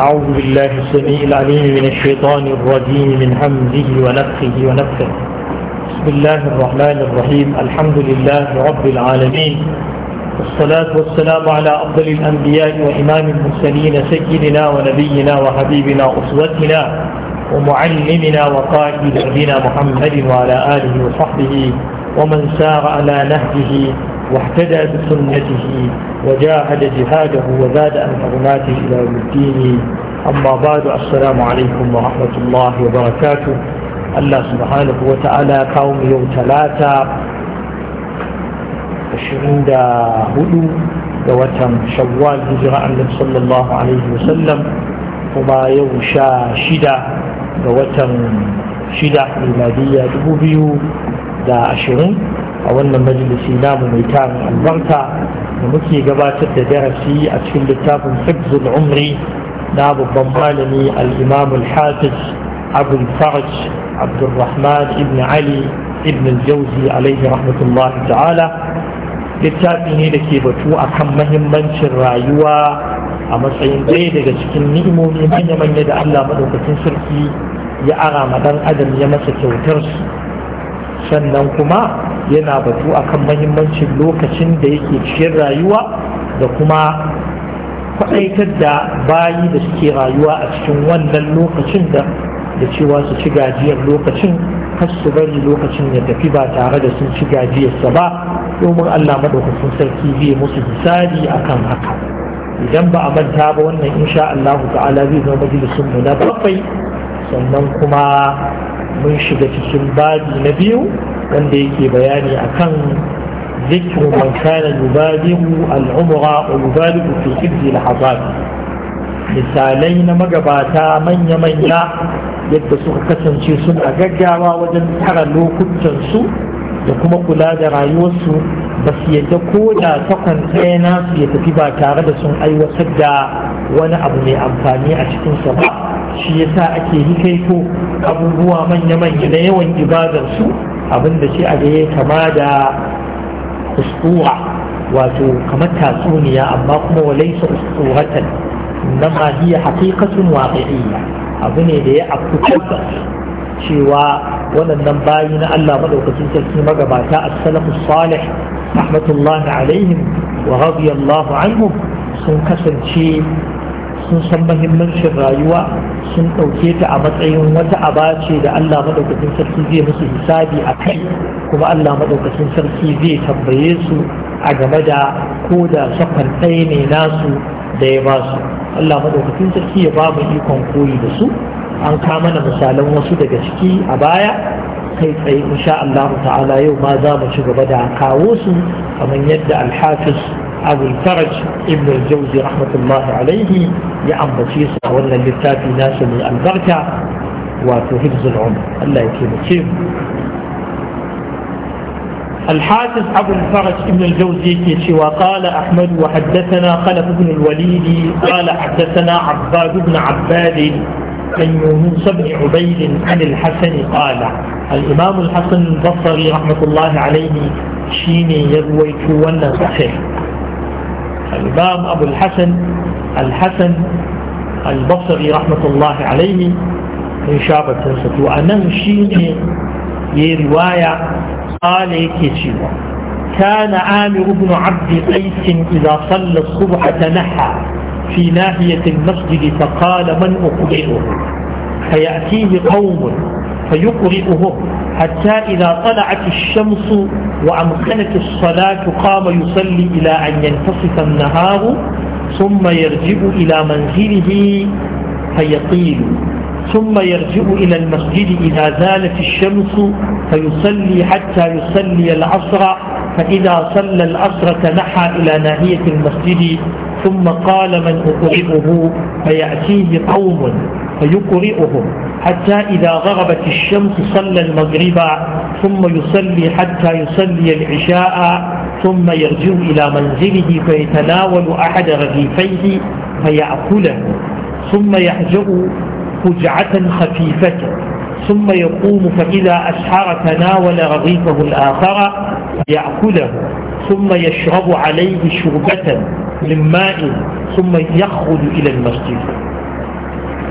أعوذ بالله السميع العليم من الشيطان الرجيم من همزه ونفخه ونفخه بسم الله الرحمن الرحيم الحمد لله رب العالمين والصلاة والسلام على أفضل الأنبياء وإمام المرسلين سيدنا ونبينا وحبيبنا أسوتنا ومعلمنا وقائد ربنا محمد وعلى آله وصحبه ومن سار على نهجه واحتدى بسنته وجاهد جهاده وزاد عن حرماته إلى يوم الدين أما بعد السلام عليكم ورحمة الله وبركاته الله سبحانه وتعالى قوم يوم ثلاثة عشرين دا هدو دا وتم شوال هجرة النبي صلى الله عليه وسلم وما يوم شا شدة دا وتم شدة ميلادية دبو بيو دا عشرين a wannan majalisi namu mai tarin albarka da muke gabatar da darasi a cikin littafin hibzul umri na babban malami al-imam al-hafiz abu farj abdulrahman ibn ali ibn al-jauzi alaihi rahmatullah ta'ala littafi ne da ke batu akan mahimmancin rayuwa a matsayin ɗaya daga cikin ni'imomi manya-manya da Allah maɗaukacin sarki ya ara ma ɗan adam ya masa kyautar sannan kuma yana batu akan mahimmancin lokacin da yake cikin rayuwa da kuma kwaɗaitar da bayi da suke rayuwa a cikin wannan lokacin da da cewa su ci gajiyar lokacin har su bari lokacin ya tafi ba tare da sun ci gajiyarsa ba domin Allah maɗaukacin sarki zai musu misali akan haka idan ba a manta ba wannan insha allahu ta'ala zai zama majalisun mu na bakwai sannan kuma mun shiga cikin babi na biyu wanda yake bayani akan ذكر من كان يبالغ العمر ويبالغ في حفظ لحظات misalai na magabata manya-manya yadda suka kasance suna gaggawa wajen tara lokutansu da kuma kula da rayuwarsu ba su yadda ko da takwan ɗaya na su ya tafi ba tare da sun aiwatar da wani abu mai amfani a cikinsa ba shi yasa ake yi ko abubuwa manya-manya na yawan ibadarsu abinda shi a ya kama da kuskura wato kamar tatsuniya amma kuma walaisa uskuwatan na mahiya hiya haqiqatun abu ne da ya afku cewa waɗannan bayi na Allah madaukakin sarki magabata as-salafu salih rahmatullahi alaihim wa radiyallahu anhum sun kasance sun san mahimmancin rayuwa sun ɗauke ta a matsayin wata aba ce da Allah maɗaukacin sarki zai musu hisabi a kai kuma Allah maɗaukacin sarki zai tambaye su a game da ko da sakon ɗaya ne nasu da ya ba su Allah maɗaukacin sarki ya ba mu ikon koyi da su an kama na misalan wasu daga ciki a baya kai tsaye insha Allah ta'ala yau ma za mu ci gaba da kawo su kamar yadda alhafis abu faraj ibn jauzi rahmatullahi alaihi ya ambace su a wannan littafi nasu mai albarka wato hibzul umar Allah ya taimake mu الحافظ أبو الفرج ابن الجوزي وقال أحمد وحدثنا خلف بن الوليد قال حدثنا عباد بن عباد أن من بن عبيد عن الحسن قال الإمام الحسن البصري رحمة الله عليه شيني يروي كوانا صحيح الإمام أبو الحسن الحسن البصري رحمة الله عليه من شابة تنسط وأنه شيني يرواية قال يكيشيوا كان عامر بن عبد قيس إذا صلى الصبح تنحى في ناحية المسجد فقال من أقرئه فيأتيه قوم فيقرئه حتى إذا طلعت الشمس وأمكنت الصلاة قام يصلي إلى أن ينتصف النهار ثم يرجع إلى منزله فيطيل ثم يرجع إلى المسجد إذا زالت الشمس فيصلي حتى يصلي العصر فإذا صلى العصر تنحى إلى ناحية المسجد ثم قال من أقرئه فيأتيه قوم فيقرئهم حتى إذا غربت الشمس صلى المغرب ثم يصلي حتى يصلي العشاء ثم يرجع إلى منزله فيتناول أحد رغيفيه فيأكله ثم يحجأ فجعة خفيفة ثم يقوم فإذا أسحر تناول رغيفه الآخر يأكله ثم يشرب عليه شربة min ma'in mai yakhruju ila masjid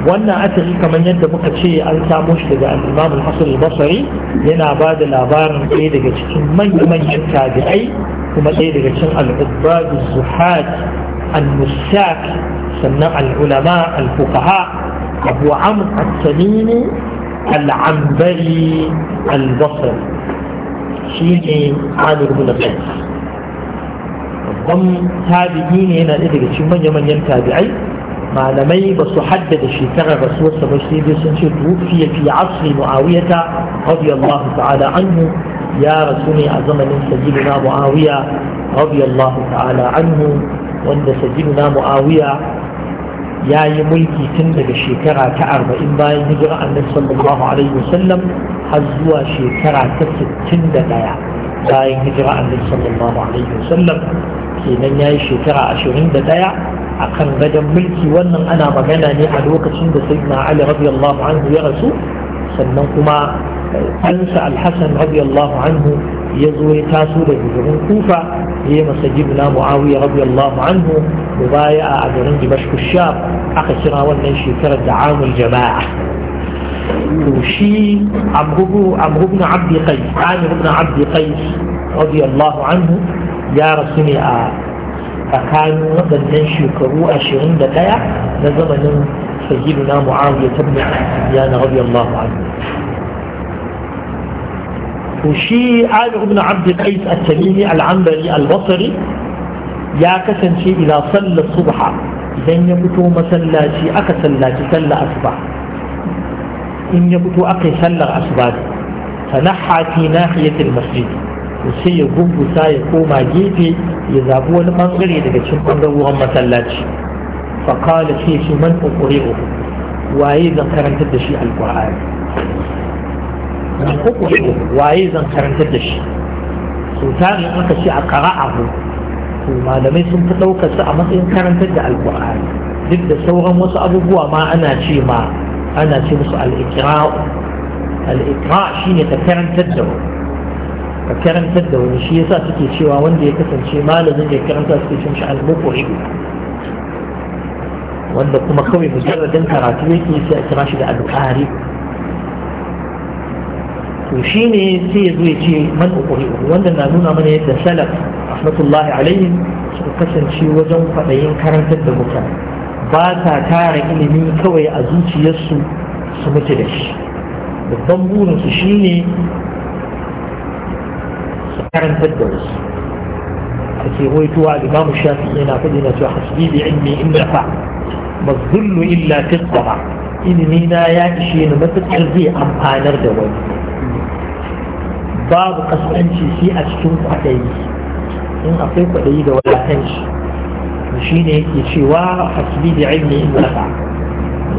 wannan asali kamar yadda muka ce an samo shi daga al-Imam al-Hasan al-Basri yana ba da labarin ɗaya daga cikin manyan tabi'ai kuma ɗaya daga cikin al-Ubbad az-Zuhad sannan al-ulama al-fuqaha Abu Amr as-Salimi al-Anbari al-Basri shine Amir bin Qais babban tabi'i ne yana ɗaya daga cikin manya-manyan tabi'ai malamai ba su haddada shekarar rasuwarsa ba sai dai sun ce tufiya fi asri mu'awiyata radiyallahu ta'ala anhu ya rasu ne a zamanin sayyidina mu'awiya radiyallahu ta'ala anhu wanda sayyidina mu'awiya ya yi mulki tun daga shekara ta arba'in bayan hijira annabi sallallahu alaihi wasallam har zuwa shekara ta sittin da ɗaya bayan hijira annabi sallallahu alaihi wasallam kenan ya yi shekara ashirin da ɗaya a kan gadon mulki wannan ana magana ne a lokacin da sai na ali radiyallahu anhu ya rasu sannan kuma eh, ɗansa alhassan radiyallahu anhu ya zo ya taso da garin kufa ya yi masajib na mu'awiyar radiyallahu anhu da baya a garin dimashku sham aka kira wannan shekarar da amul jama'a shi عمرو بن عبد قيس عامر ya rasu ne a tsakanin waɗannan shekaru ashirin da ɗaya na zamanin sahibu na mu'awiyar tabbin ya na rabi Allah wa to Ali ibn Abd Qais at al-Ambari al-Basri ya kasance ila sallar subha idan ya fito masallaci aka sallaci sallar asuba in ya fito aka sallar asuba tanahha fi nahiyatil masjid sai ya gungusa ya koma gefe ya zabi wani bangare daga cikin bangarorin masallaci faƙala ce shi man ƙoƙuri'u waye zan karantar da shi alƙur'ani man waye zan karantar da shi so tarin aka ce a ƙara abu to malamai sun fi ɗaukar su a matsayin karantar da alƙur'ani duk da sauran wasu abubuwa ma ana ce ma ana ce musu al-iqra al-iqra shine ta karantar da mu. ka karantar da wani shi yasa suke cewa wanda ya kasance malamin da ya karanta suke cin shi al-muqri wanda kuma kawai mujarradin karatu yake sai a kira shi da al to shi ne sai ya zo ya ce man uqri wanda na nuna mana yadda salaf rahmatullahi alaihim suka kasance wajen kwaɗayin karantar da mutane ba ta tara ilimi kawai a zuciyarsu su mutu da shi babban burinsu shine karantar da wasu ake waituwa imamu shafi yana faɗi na cewa hasbi bi ilmi in nafa mazullu illa tisbara ilimi na ya ishe ni matuƙar zai amfanar da wani babu kasance shi a cikin kwaɗayi in akwai kwaɗayi da wadatanci shi ne yake cewa hasbi bi ilmi in nafa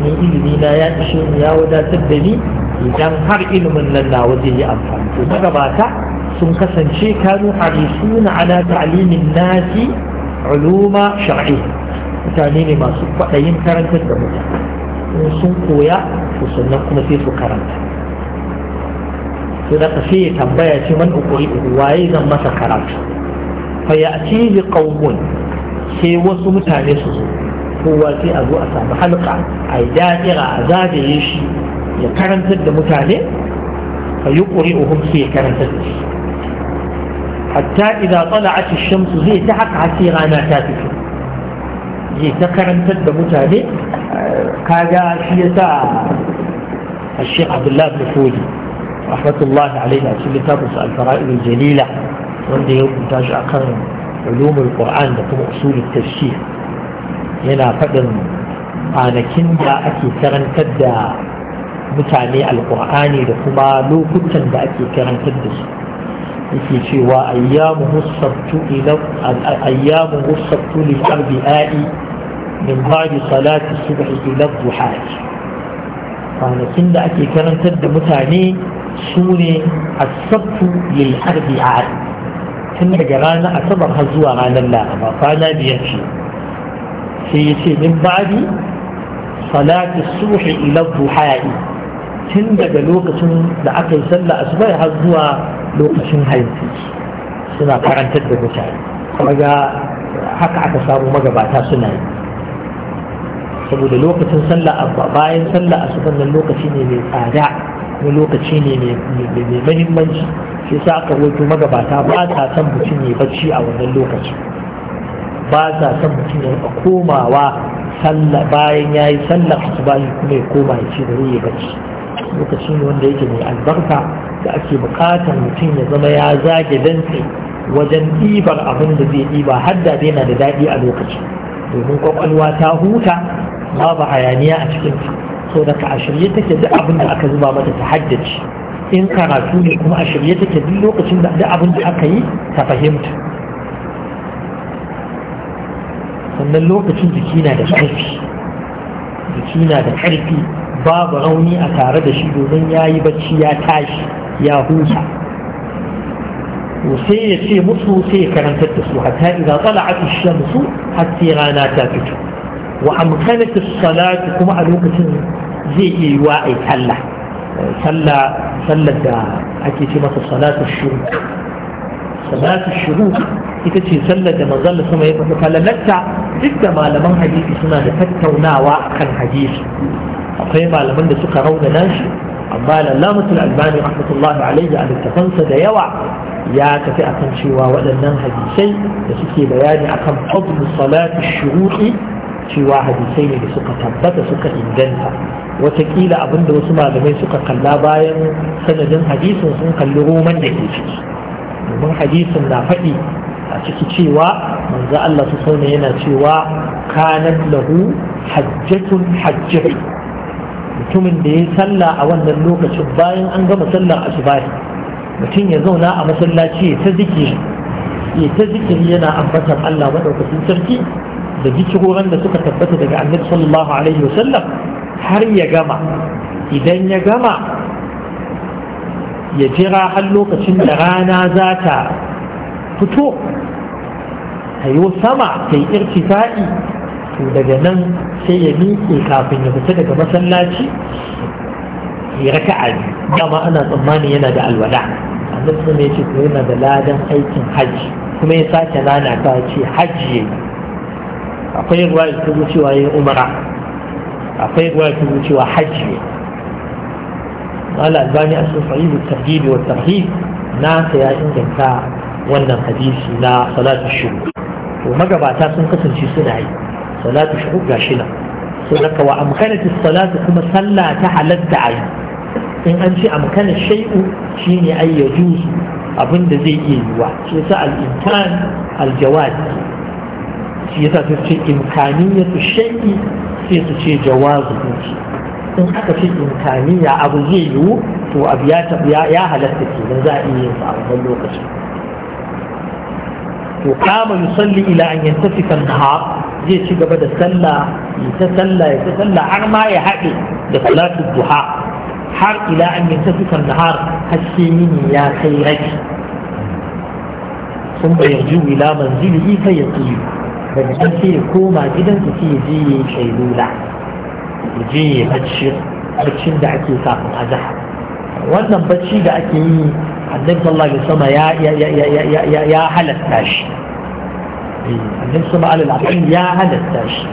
ni ilimi na ya ishe ni ya wadatar da ni idan har ilimin nan na waje ya amfani to magabata sun kasance kanu harisuna ala ta'limin nasi uluma shar'i mutane ne masu kwaɗayin karantar da mutane sun koya to sannan kuma sai su karanta sai da sai ya tambaya ce man ukuri waye zan masa karatu fa ya'tihi qaumun sai wasu mutane su zo kowa sai a zo a samu halka a yi da'ira a zagaye shi ya karantar da mutane fa yuqri'uhum sai ya karantar da shi hatta idan tsala'at shamsu zai ta haka hasi rana ta fito ta karantar da mutane kaga shi ya sa a shek abdullahi bin rahmatullahi alaihi a cikin littafinsa alfara'il jalila wanda ya rubuta shi a kan ulumul qur'an da kuma usulul tafsir yana faɗin kwanakin da ake karantar da mutane Alkur'ani da kuma lokutan da ake karantar da su yake cewa ayyamu husabtu ila ayyamu husabtu lil arbi'i min ba'di salati subh ila duha kwanakin da ake karantar da mutane su ne asabtu lil arbi'a tun daga ranar asabar har zuwa ranar laraba kwana biyar ce sai ya ce min ba'di salati subh ila duha'i tun daga lokacin da aka yi sallah asubai har zuwa lokacin haifi suna karantar da mutane ga haka aka samu magabata suna yi saboda lokacin sallah bayan sallah asuban nan lokaci ne mai tsada kuma lokaci ne mai mahimmanci shi sa aka wato magabata ba ta son mutum ya bacci a wannan lokaci ba ta son mutum ya komawa bayan ya yi sallah asuba kuma ya koma ya ce da ya bacci lokaci ne wanda yake mai albarka da ake bukatar mutum ya zama ya zage dantse wajen ɗibar abin da zai ɗiba har da yana da daɗi a lokaci domin kwakwalwa ta huta babu hayaniya a cikin cikinta so daga a shirye take duk abin da aka zuba mata ta haddace in karatu ne kuma a shirye take duk lokacin da duk abin da aka yi ta fahimta sannan lokacin jiki na da ƙarfi jiki na da ƙarfi babu rauni a tare da shi domin ya yi bacci ya tashi ya huta sai ya ce musu sai ya karantar da su hatta idza tala'at ash-shamsu hatta rana ta fito wa amkanat as-salat kuma a lokacin zai iya yiwa ai sallah sallah sallar da ake ce masa salatu shuruk salatu shuruk ita ce sallar da manzon sama ya faɗi falalarta duk da malaman hadisi suna da tattaunawa kan hadisi akwai malaman da suka raunana shi amma lallamatul albani rahmatullahi alaihi a littafansa da yawa ya tafi akan cewa waɗannan hadisai da suke bayani akan fadl salati shuruqi cewa hadisai ne da suka tabbata suka inganta watakila abinda wasu malamai suka kalla bayan sanadin hadisin sun kalli roman da ke ciki domin hadisin na faɗi a ciki cewa manzo Allah su yana cewa kanan lahu hajjatun hajjatun mutumin da ya sallah a wannan lokacin bayan an gama sallar asubahi mutum ya zauna a masallaci ya ta zikiri ya ta zikiri yana ambatar Allah maɗaukacin sarki da zikiroran da suka tabbata daga annabi sallallahu alaihi wasallam har ya gama idan ya gama ya jira har lokacin da rana za ta fito ta yi sama ta yi irtifa'i to daga nan sai ya miƙe kafin ya fita daga masallaci ya raka a dama ana tsammani yana da alwala annabi sun ya ce to yana da ladan aikin hajji kuma ya sake nana ta ce hajji yayi akwai ruwa da ta cewa ya umara akwai ruwa da ta cewa hajji yayi mala albani a sun sahihu tarhibi wa tarhib na ta ya inganta wannan hadisi na salatu shuru to magabata sun kasance suna yi salatu shuhur gashi nan so daga wa amkanatu salatu kuma sallah ta halatta ayi in an ce amkana shay'u shine ay yajuz abinda zai iya yiwa shi yasa al-imkan al-jawaz shi yasa su ce imkaniyatu shay'i sai su ce jawazu in aka ce imkaniya abu zai yiwu to abu ya halatta kenan za a iya yin sa a wannan lokacin to kama yusalli ila an yantafi kan nahar zai ci gaba da sallah ya ta sallah ya ta sallah har ma ya haɗe da salatu duha har ila an yi tafikar nahar haske yini ya kai raki sun bayar ju ila manzili ifa ya tsiyu daga can sai ya koma gidansa sai ya je ya yi shaidula ya je ya bacci baccin da ake kafin azahar wannan bacci da ake yi annabi sallallahu alaihi wasallam ya ya ya ya ya halatta shi annan su ma'alal akan ya halatta shi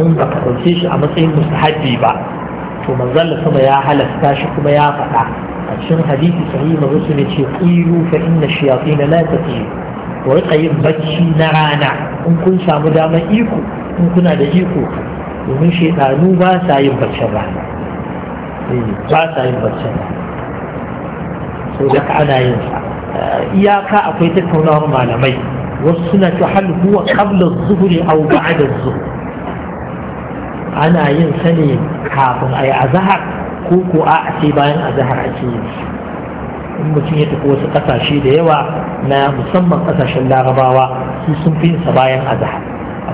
in ba ka ɗauke shi a matsayin mustahabi ba to manzalla sama ya halatta shi kuma ya faɗa a cikin hadisi sahihi manzo su ne ce qilu fa inna shayatin la taqilu wa riqa yin bacci na rana in kun samu damar iko in kuna da iko domin shekaru ba sa yin baccin rana ba sa yin baccin rana so da ana yin sa iyaka akwai tattaunawar malamai والسنة هل هو قبل الظهر أو بعد الظهر أنا ينسني كافر أي bayan كوكو أعطي بين أزهر أكيد mutum ya tafi wasu ƙasashe da yawa na musamman ƙasashen larabawa su sun fi sa bayan azhar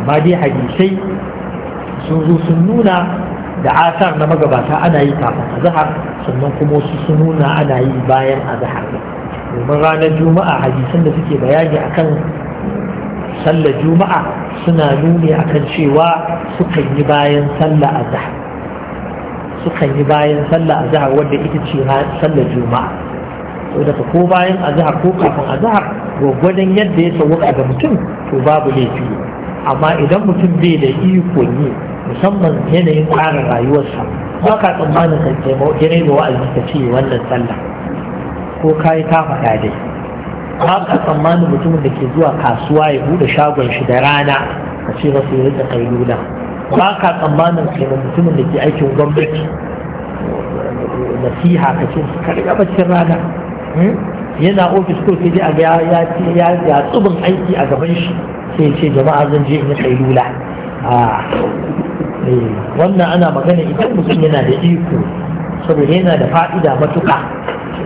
amma dai hadisai sun zo sun nuna da asar na magabata ana yi kafin azhar sannan kuma wasu sun nuna ana yi bayan azhar domin ranar juma'a hadisan da suke bayani akan sallar juma'a suna nuni akan cewa sukan yi bayan sallar azhar sukan yi bayan sallar azhar wanda ita ce sallar juma'a to daga ko bayan azhar ko kafin azhar gwagwadon yadda ya sauka ga mutum to babu laifi amma idan mutum bai da iko ne musamman yanayin ƙara rayuwarsa ba ka tsammanin kan taimako yanayi da wa'azi ka ce wannan sallah ko kayi yi faɗa dai ba ka tsammanin mutumin da ke zuwa kasuwa ya bude shagon shi da rana a ce su yi rika kai nuna ba ka tsammanin kai mutumin da ke aikin gwamnati nasiha ka ce ka riga baccin rana hmm? yana ofis ko sai a ga ya ya tsubin aiki a gaban shi sai ce jama'a zan je in yi nuna a eh, wannan ana magana idan mutum yana da iko saboda yana da fa'ida matuƙa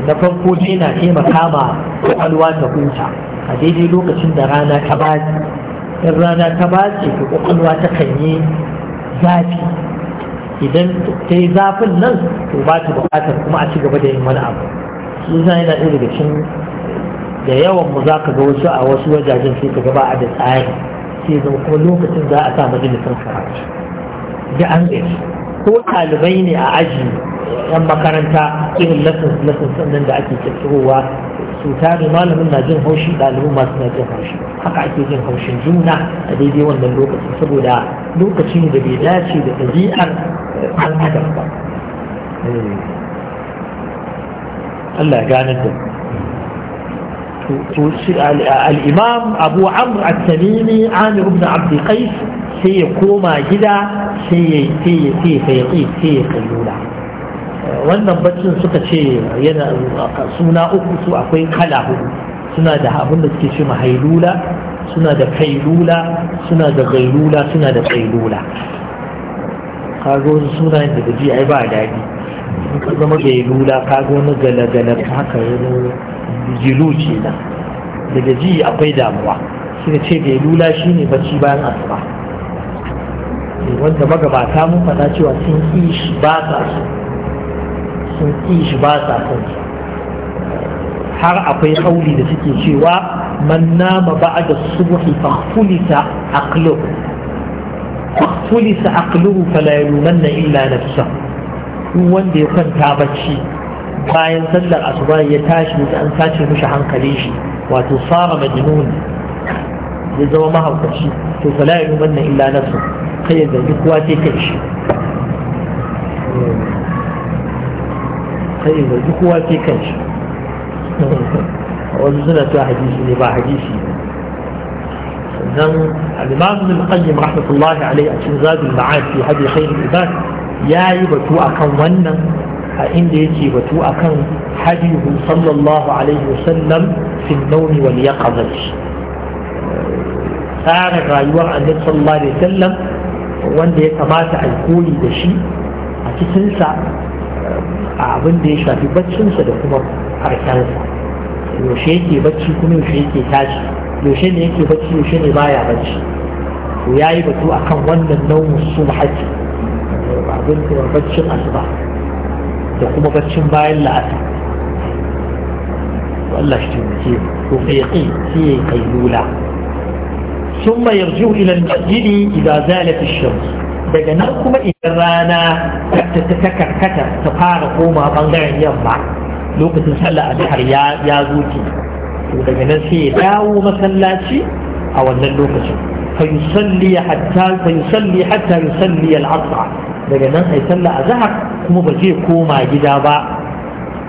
na farko dai na taimaka ma kwakwalwa ta huta a daidai lokacin da rana ta baci in rana ta baci ta kwakwalwa ta kan yi zafi idan ta yi zafin nan to ba ta bukatar kuma a ci gaba da yin wani abu shi yana ɗaya daga cikin da yawan mu za ka ga wasu a wasu wajajen sai ka gaba a da tsari sai zama kuma lokacin za a sa majalisar karatu da an gaji ko ɗalibai ne a aji yan makaranta irin lasin lasin sannan da ake kirkirowa su tare malamin na jin haushi ɗalibin masu na jin haushi haka ake jin haushin juna a daidai wannan lokacin saboda lokaci ne da bai dace da ɗabi'ar al'adar ba eh. Allah ya ganar da mu al'imam abu amr al-tamimi amir ibn abdul qais sai ya koma gida sai ya sai sai wannan baccin suka ce yana suna uku su akwai kala hudu suna da abin da suke ce mahailula suna da kailula suna da gailula suna da kailula kaga wasu sunayen da gaji ai ba daɗi in ka zama bai lula ka ga wani ka haka yana jilu ce na daga ji akwai damuwa shi ne ce bai lula shi ne bacci bayan asuba eh, wanda magabata mun faɗa cewa sun ƙi shi ba sa sun ƙi shi ba sa su har akwai kauli da suke cewa man nama ba'da subhi fa khulisa aqluhu fa khulisa aqluhu la yumanna illa nafsahu duk wanda ya kwanta bacci bayan sallar asuba ya tashi da an sace mishi hankali shi wato fara majnun ya zama mahaukaci to fala yi nuban nan illa nafsu kai ya zargi kowa sai kai shi kai ya zargi kowa sai kai shi wasu suna ta hadisi ne ba hadisi sannan al-imam ibn qayyim rahmatullahi alayhi a cikin zadul ma'ad fi hadi khairul ibad ya yi batu akan wannan a inda yake batu akan hadihu sallallahu alaihi wasallam fi nauni wal yaqazati tsara rayuwar annabi sallallahu alaihi wasallam wanda ya kamata a koyi da shi a cikinsa a abin da ya shafi baccinsa da kuma harkarsa yaushe yake bacci kuma yaushe yake tashi yaushe ne yake bacci yaushe ne baya bacci to ya yi batu akan wannan nau'in subhati bacin baccin asuba da kuma baccin bayan la'asar Allah shi taimake to fiqi sai ya kailula ثم يرجع إلى المسجد إذا زالت الشمس daga nan kuma idan rana ta karkata ta fara koma bangaren yamma lokacin sallah azhar ya ya zuci to daga nan sai ya dawo masallaci a wannan lokacin fa yusalli hatta fa yusalli hatta yusalli al-asr daga nan yi sallah a zahar kuma ba zai koma gida ba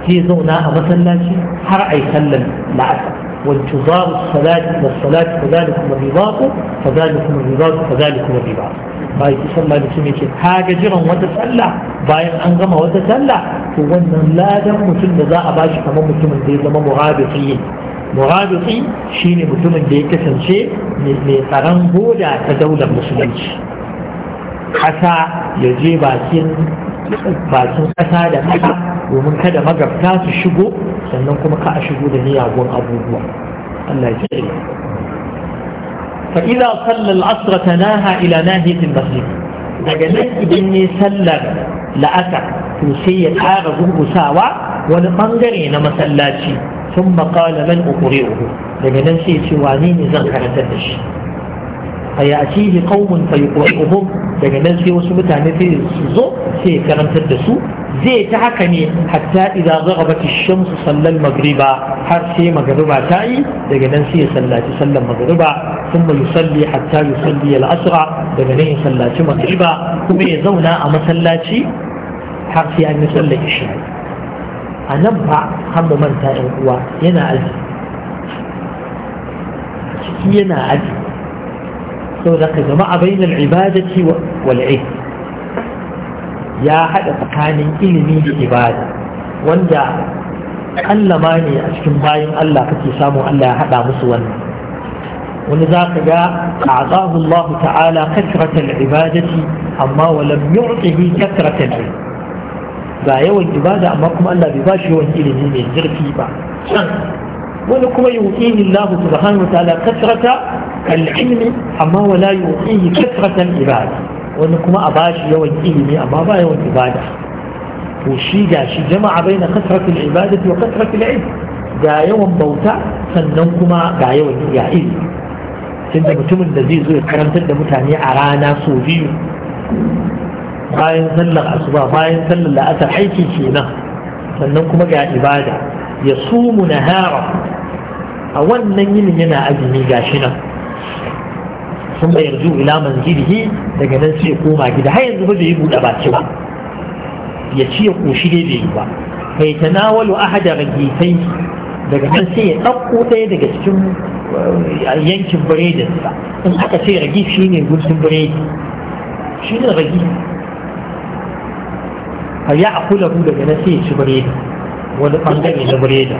zai zauna a masallaci har ai sallar la'asar وانتظار الصلاة والصلاة فذلكم الرباط فذلكم الرباط فذلكم الرباط bai ki sallah da sun ka ga jiran wata sallah bayan an gama wata sallah to wannan ladan mutum da za a bashi kamar mutumin da ya zama muhabiti muhabiti shine mutumin da ya kasance mai tsaron boda ta daular musulunci ƙasa ya je bakin ƙasa da ƙasa domin kada magabta su shigo sannan kuma ka a shigo da niyagun abubuwa Allah ya ce فإذا صلى العصر تناهى إلى ناهية المسجد daga nan idan ne sallar la'asa to sai ya tsara gurgusawa wani ɓangare na masallaci sun maƙala man uku daga nan sai ce ni ne zan karantar da shi a yacihi qaumun fa yuqri'uhum daga nan sai wasu mutane sai su zo sai karantar da su zai ta haka ne hatta idza zaghabat ash-shams sallal maghriba har sai magriba ta yi daga nan sai ya sallaci sallan maghriba thumma yusalli hatta yusalli al-asra daga nan ya sallaci maghriba kuma ya zauna a masallaci har sai an yi sallar isha a nan ba har manta yan uwa yana aji yana aji sau da ka jama'a bainal ibadati ya haɗa tsakanin ilimi da ibada wanda kallama ne a cikin bayan Allah kake samu Allah ya haɗa musu wannan wani za ka ga a'zahu Allah ta'ala kasratal ibadati amma wa lam yu'tihi kasratal ga yawan ibada amma kuma Allah bai ba shi yawan ilimi mai zurfi ba wani kuma yuqihi Allah subhanahu wa ta'ala kasrata al-ilmi amma wala yuqihi kasratan ibada wani kuma a bashi yawan ilimi amma ba yawan ibada to shi ga shi jama'a baina kasrati al-ibadati wa kasrati al-ilm ga yawan bauta sannan kuma ga yawan iya ilimi tunda mutumin da zai zo ya karantar da mutane a rana sau biyu bayan sallar asuba bayan sallar la'asar aiki kenan sannan kuma ga ibada ya sumu nahara a wannan yinin yana azumi gashi nan sun bayar yarzu ila manzilihi daga nan sai koma gida har yanzu bai yi buɗe baki ba ya ci ya koshi dai bai yi ba Kai bai tanawalu ahada ragitai daga nan sai ya ɗauko ɗaya daga cikin eh, yankin biredinsa in aka ce ragi shi ne gudun biredi shi ne ragi har ya akula daga nan sai ya ci biredi wani ɓangare na biredin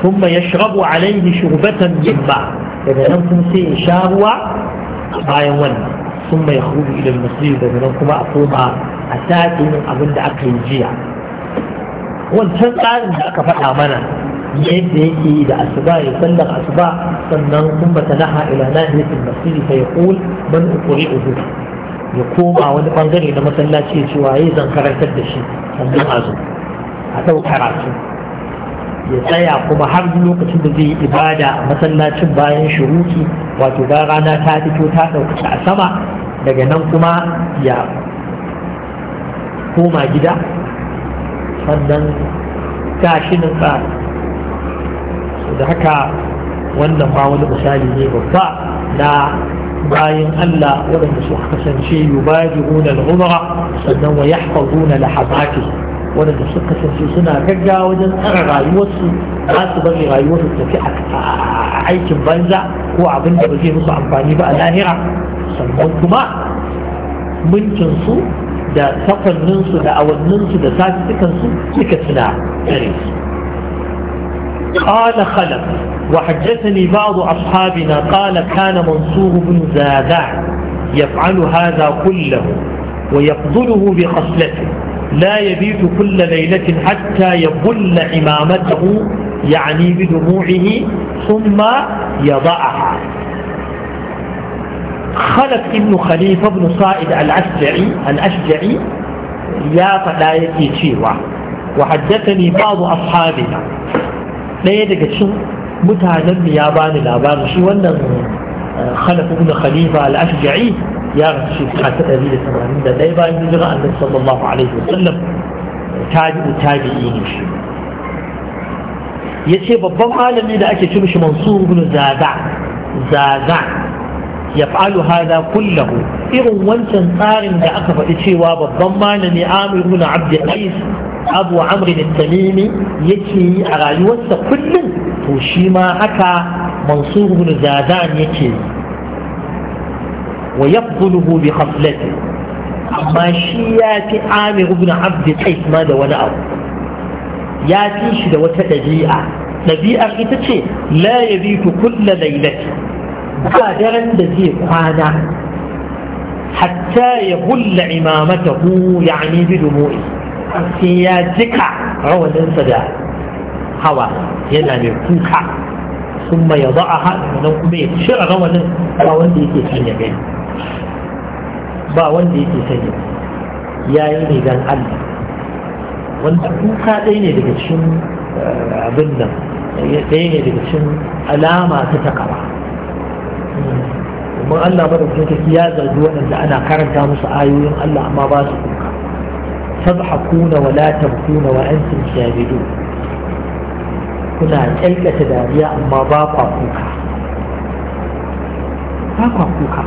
ya ثم يشرب عليه شربة من ya sha ruwa a bayan wannan sun mai hudu idan musulmi daga nan kuma a koma a sakin abin da aka yi jiya wancan tsarin da aka faɗa mana yadda yake da asuba ya sallar asuba sannan kun bata naha ila na hirkin musulmi ta yi kul ban ukuri uku ya koma wani ɓangare na masallaci cewa ya zan karantar da shi sannan a zo a ɗau karatu ya tsaya kuma har lokacin da zai yi ibada a masallacin bayan shuruki wato bayan rana ta fito ta ɗaukaci a sama daga nan kuma ya koma gida sannan tashi nan tsari da haka wannan ma wani misali ne babba na bayan Allah waɗanda suka kasance yubajiruna al-umra sannan wa yahfazuna lahazatihi waɗanda suka kasance suna gagga wajen tsara rayuwarsu za su bari rayuwarsu tafi a aikin banza ko abin da ba zai musu amfani ba a lahira sannan kuma mintinsu da sakwanninsu da awanninsu da satitukansu suka tuna gare su قال خلف وحدثني بعض أصحابنا قال كان منصور بن زادان يفعل هذا كله ويقبله بخصلته لا يبيت كل ليلة حتى يبل إمامته يعني بدموعه ثم يضعها خلف ابن خليفة بن صائد الأشجعي الأشجعي يا فلايتي شيوة وحدثني بعض أصحابنا لا يدك متعلم يا بان الأبان شي ولا خلف ابن خليفة الأشجعي ya rasu shekara ta ɗari da tamanin da ɗaya bayan hijira annabi sallallahu alaihi wa sallam tabi'u tabi'i ne shi ya ce babban malami da ake cin shi mansur ibn zaza zaza ya fa'alu hada kullahu irin wancan tsarin da aka faɗi cewa babban malami amir ibn abd qais abu amr bin tamimi yake yi a rayuwarsa kullum to shi ma haka mansur ibn zaza yake yi wa yaqtuluhu bi khaflati amma shi ya fi amir ibn abd qais da wani abu ya fi shi da wata ɗabi'a. dabi'ar ita ce la yabitu kulla laylati ba daren da zai kwana hatta ya hulla imamatahu yani bi dumu'i sai ya jika rawaninsa da hawa yana mai kuka ya ثم يضعها ولو كما يتشرع ولا وانت يتشرع ba wanda yake sani ya yi ne don Allah wanda kuka ɗaya ne daga cikin eh, abin nan ɗaya ne daga cikin alama ta takawa kuma Allah madaukakin sarki ya zargi waɗanda ana karanta musu ayoyin Allah amma ba su kuka تضحكون ولا تبكون وأنتم سامدون kuna ƙyalƙata dariya amma ba kwa kuka ba kwa kuka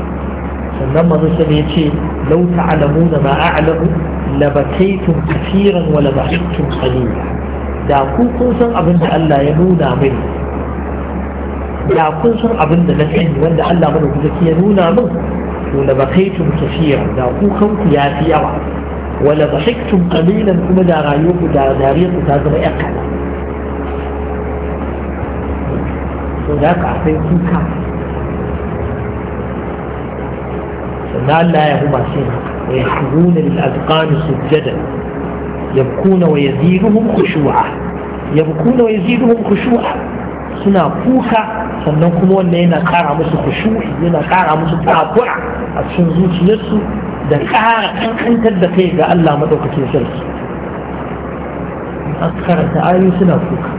sannan manzo sai ya ce lau law ta'lamuna ma a'lamu labakaitum kaseeran wa labakaitum qalila da ku kun san abin da Allah ya nuna min da kun san abin da na sani wanda Allah mana ku ya nuna min to labakaitum kaseeran da ku kanku ya fi yawa wa labakaitum qalilan kuma da rayuwarku da dariyarku ta zama yakka to da ka akwai kuka ما لا يهم سينا ويخرون للأذقان سجدا يبكون ويزيدهم خشوعا يبكون ويزيدهم خشوعا سنا كوكا sannan kuma wannan yana kara musu khushu'i yana kara musu takura a cikin zuciyarsu da kara kankantar da kai ga Allah madaukakin sarki an karanta ayoyi suna kuka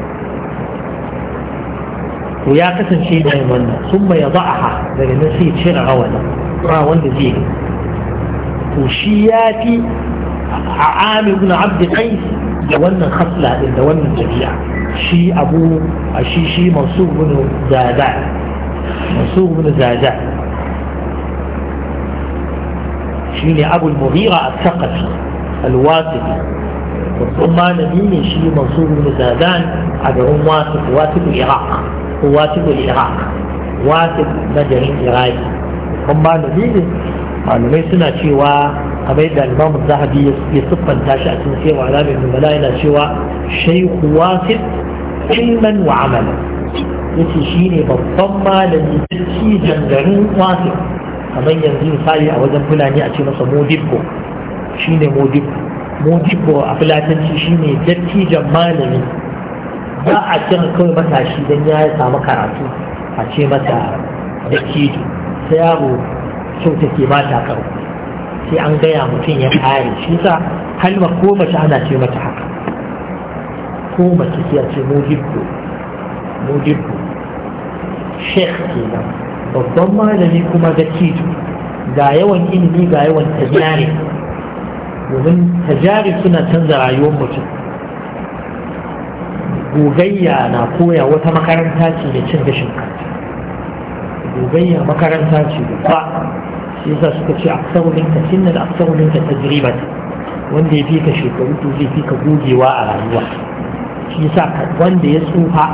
to ya kasance da wannan sun ya ba'aha daga nan sai cire rawanin الكبرى والنزيل وشياتي عامر بن عبد القيس da wannan khasla din da wannan tafiya shi abu a shi shi mansur bin zada mansur bin zada shi ne abu al-mughira al-thaqafi al-wasiti babban malami ne shi mansur bin zada a garin wasit wasit iraq wasit iraq wasit na garin iraki babban malami ne malamai suna cewa kamar da al-imamu zahabi ya siffanta shi a cikin cewa alamin nubala yana cewa shaykhu wasit ilman wa amalan yace shine babban malami dattijan garin wasit kamar yanzu misali a wajen fulani a ce masa modibbo shine modibbo modibbo a fulatanci shine dattijan malami ba a kira kawai matashi don ya samu karatu a ce mata dattijo ta yaro kyau ke ba ta karo sai an gaya mutum ya kare shi sa kalmar ko mace ana ce mata haka ko mace sai a ce mujibbu mujibbu sheikh kenan babban malami kuma ga tito ga yawan ilimi ga yawan tajari domin tajari suna canza rayuwar mutum gogayya na koya wata makaranta ce da cin gashin kanta ubayya makaranta ce babba shi yasa suka ce aksaru da sinnan aksaru minka tajribat wanda ya fi ka shekaru to zai fi ka gogewa a rayuwa shi sa wanda ya tsufa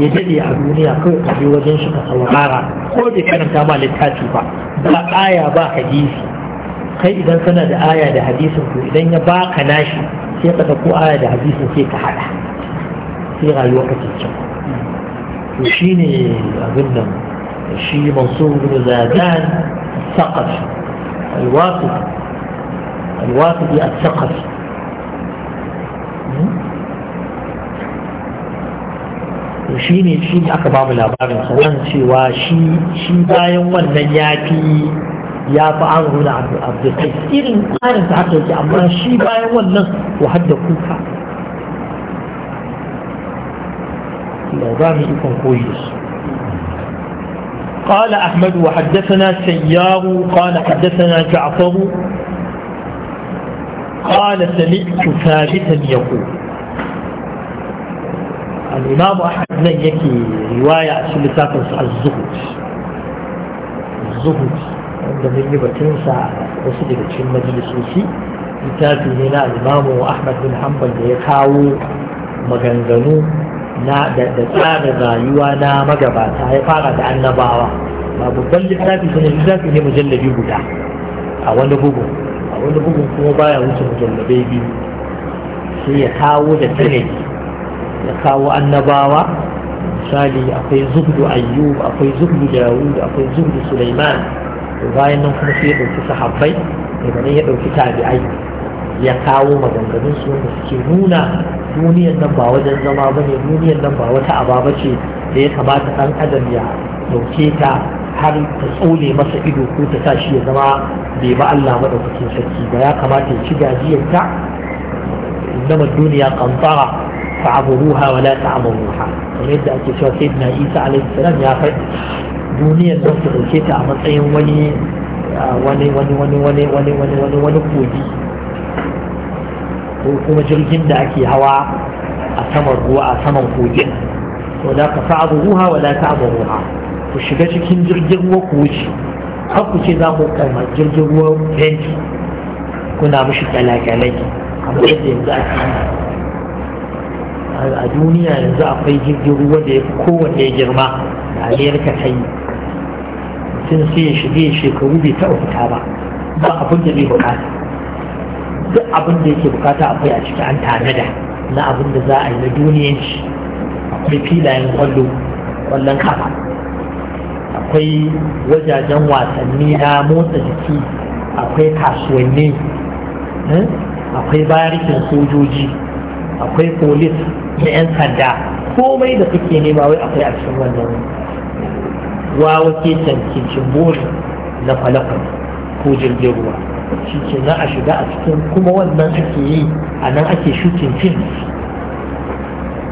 ya dade a duniya kawai ka je wajen shi ka saurara ko bai karanta ma littafi ba ba aya ba hadisi kai idan kana da aya da hadisin to idan ya baka nashi sai ka ko aya da hadisin sai ka haɗa sai rayuwa ka ce to shine abin nan شيء منصور بن زادان الثقف الواقف الواقف الثقف shi ne shi ne aka babu labarin sanan cewa shi shi bayan wannan ya fi ya fi an runa abdulkai irin tsarin ta haka yake amma shi bayan wannan wahar da kuka da za mu ikon koyi su قال أحمد وحدثنا سيار قال حدثنا جعفر قال سمعت ثابتا يقول الإمام أحمد لن يكي رواية سلسات الزهد الزهد عندما يجب تنسى وصدق في المجلس وشي littafi ne na alimamu ahmad bin hanbal da ya kawo maganganu da tsarin rayuwa na magabata ya fara da annabawa ba babban littafi sanin littafi ne mujallabi guda a wani bugun a wani bugun kuma baya wuce mujallabai biyu sai ya kawo da sanadi ya kawo annabawa misali akwai zubdu ayyub akwai zubdu dawud akwai zubdu sulaiman to bayan nan kuma sai ya ɗauki sahabbai daga nan ya ɗauki tabi'ai ya kawo maganganun su wanda suke nuna duniyan nan ba wajen zama ba ne duniyan nan ba wata ababa ce da ya kamata ɗan adam ya ɗauke ta har ta tsole masa ido ko ta sa shi ya zama bai ba Allah maɗaukakin sarki ba ya kamata ya ci ta innama duniya kantara fa'aburuha wa la ta'amuruha kamar yadda ake cewa sayyidina Isa alaihi salam ya faɗi duniyar nan ta ɗauke ta a matsayin wani wani wani wani wani wani wani wani wani kogi ko kuma jirgin da ake hawa a saman ruwa a saman kogin to da ka sa'abu ruha wa la ta'abu ruha ku shiga cikin jirgin ruwa ku wuce har ku ce za ku kama jirgin ruwa fenti kuna mishi kyalakyalai kamar yadda yanzu ake yi a duniya yanzu akwai jirgin ruwa da ya fi kowanne girma da amerika ta yi mutum sai ya shige shekaru bai taɓa fita ba ba abin da zai bukata duk abin da yake bukata akwai a ciki an tanada na abin da za a yi na duniyanci akwai filayen kwallo kwallon kafa akwai wajajen wasanni na motsa jiki akwai kasuwanni eh? akwai barikin sojoji akwai polis na 'yan sanda komai da kake nema wai akwai a cikin wannan wawa ke can bori, na kwale ko jirgin ruwa shi ke na a shiga a cikin kuma wannan ake yi a nan ake shukin fim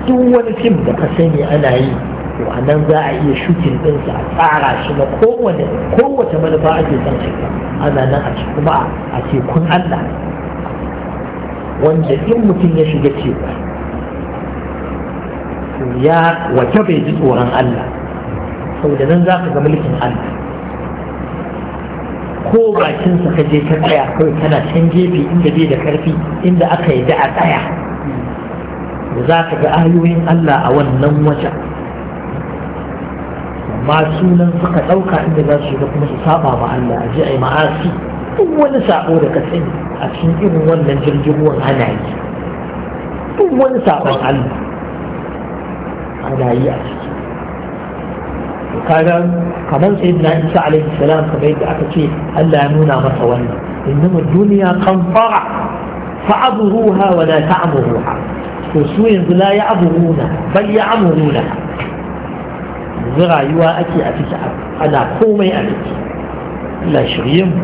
duk wani fim da ka sani ana yi to a nan za a iya shukin ɗinsa a tsara shi na kowane kowace manufa ake son shiga ana nan a cikin kuma a tekun Allah wanda in mutum ya shiga teku ya wace bai ji tsoron Allah sau da nan za ka ga mulkin Allah ko bakinsa ka je ka tsaya kawai kana can gefe inda bai da karfi inda aka yi da a tsaya da za ka ga ayoyin Allah a wannan wajen amma sunan suka ɗauka inda za su shiga kuma su saba ma Allah a je a yi ma'asi duk wani sako da ka sani a cikin irin wannan jirgin ruwan ana yi duk wani sabon Allah ana yi a ciki kaga kamar sayyidina Isa alaihi salam kamar yadda aka ce Allah ya nuna masa wannan innama duniya kan fara fa'aburuha wa la ta'muruha to su yanzu la ya'buruna bal ya'muruna yanzu rayuwa ake a ciki ana komai a ciki Allah shirye mu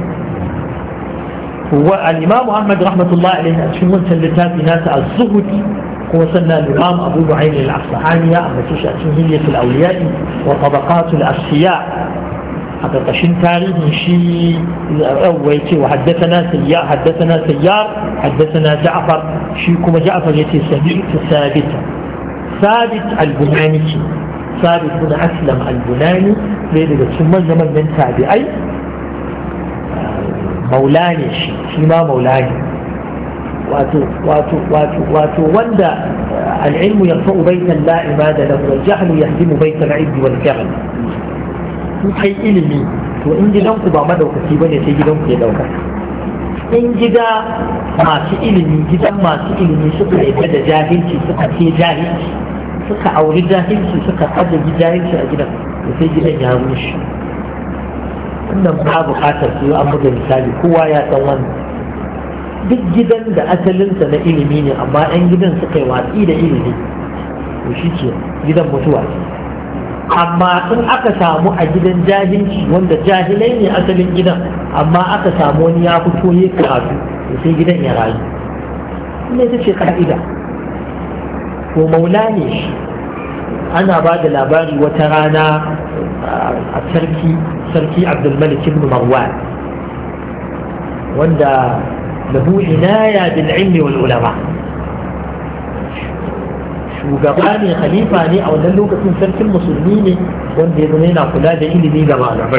wa al-Imam Muhammad rahmatullahi alaihi a cikin wancan littafi nasa az-Zuhdi وصلنا الإمام أبو بعين الأصفهاني أمتش أتنهية الأولياء وطبقات الأصفياء هذا قشن تاريخ شيء أويتي وحدثنا سيار حدثنا سيار حدثنا جعفر شي كما جعفر يتي سبيت ثابت ثابت البناني ثابت بن أسلم البناني ليلة ثم زمن من تابعي آه، مولاني شي شي ما مولاني wato wato wato wanda al'ilmu ya fa'u baitan la imada lahu wal jahlu yahdimu baitan ibdi wal jahl in kai ilimi to in gidanku ba madaukaci ne sai gidanku ya dauka in gida masu ilimi gidan masu ilimi suka yadda da jahilci suka ce jahilci suka auri jahilci suka kada jahilci a gidan da sai gidan ya rushe wannan ba bukatar su an buga misali kowa ya san wannan duk gidan da asalinsa na ilimi ne amma 'yan gidan suka yi watsi da ilimi to shi ce gidan mutuwa amma in aka samu a gidan jahilci wanda jahilai ne asalin gidan amma aka samu wani ya fito ya karatu to sai gidan ya rayu ne ta ce ka'ida ko maula ne shi ana ba da labari wata rana a sarki sarki abdulmalik ibn marwan wanda لبو عناية بالعلم والعلماء شو خليفة خليفاني أو نلو كتن سلك المسلمين وان دي دنينا قلا دي اللي دي قبانا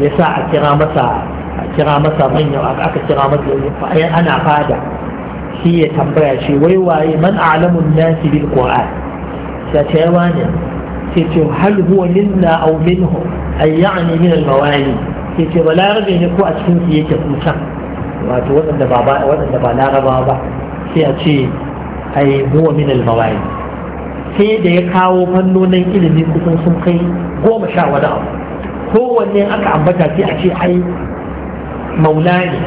يساع كرامتا كرامتا مين وعبعك كرامتا فأي أنا قادة هي تنبغي شي ويواي من أعلم الناس بالقرآن ستيواني تيتيو هل هو منا أو منهم أي يعني من المواني تيتيو ولا رجعني ان كنتي يكتن سلك wato waɗanda ba waɗanda ba larabawa ba sai a ce ai huwa min al sai da ya kawo fannonin ilimi kusan sun kai goma sha wani abu kowanne aka ambata sai a ce ai maula ne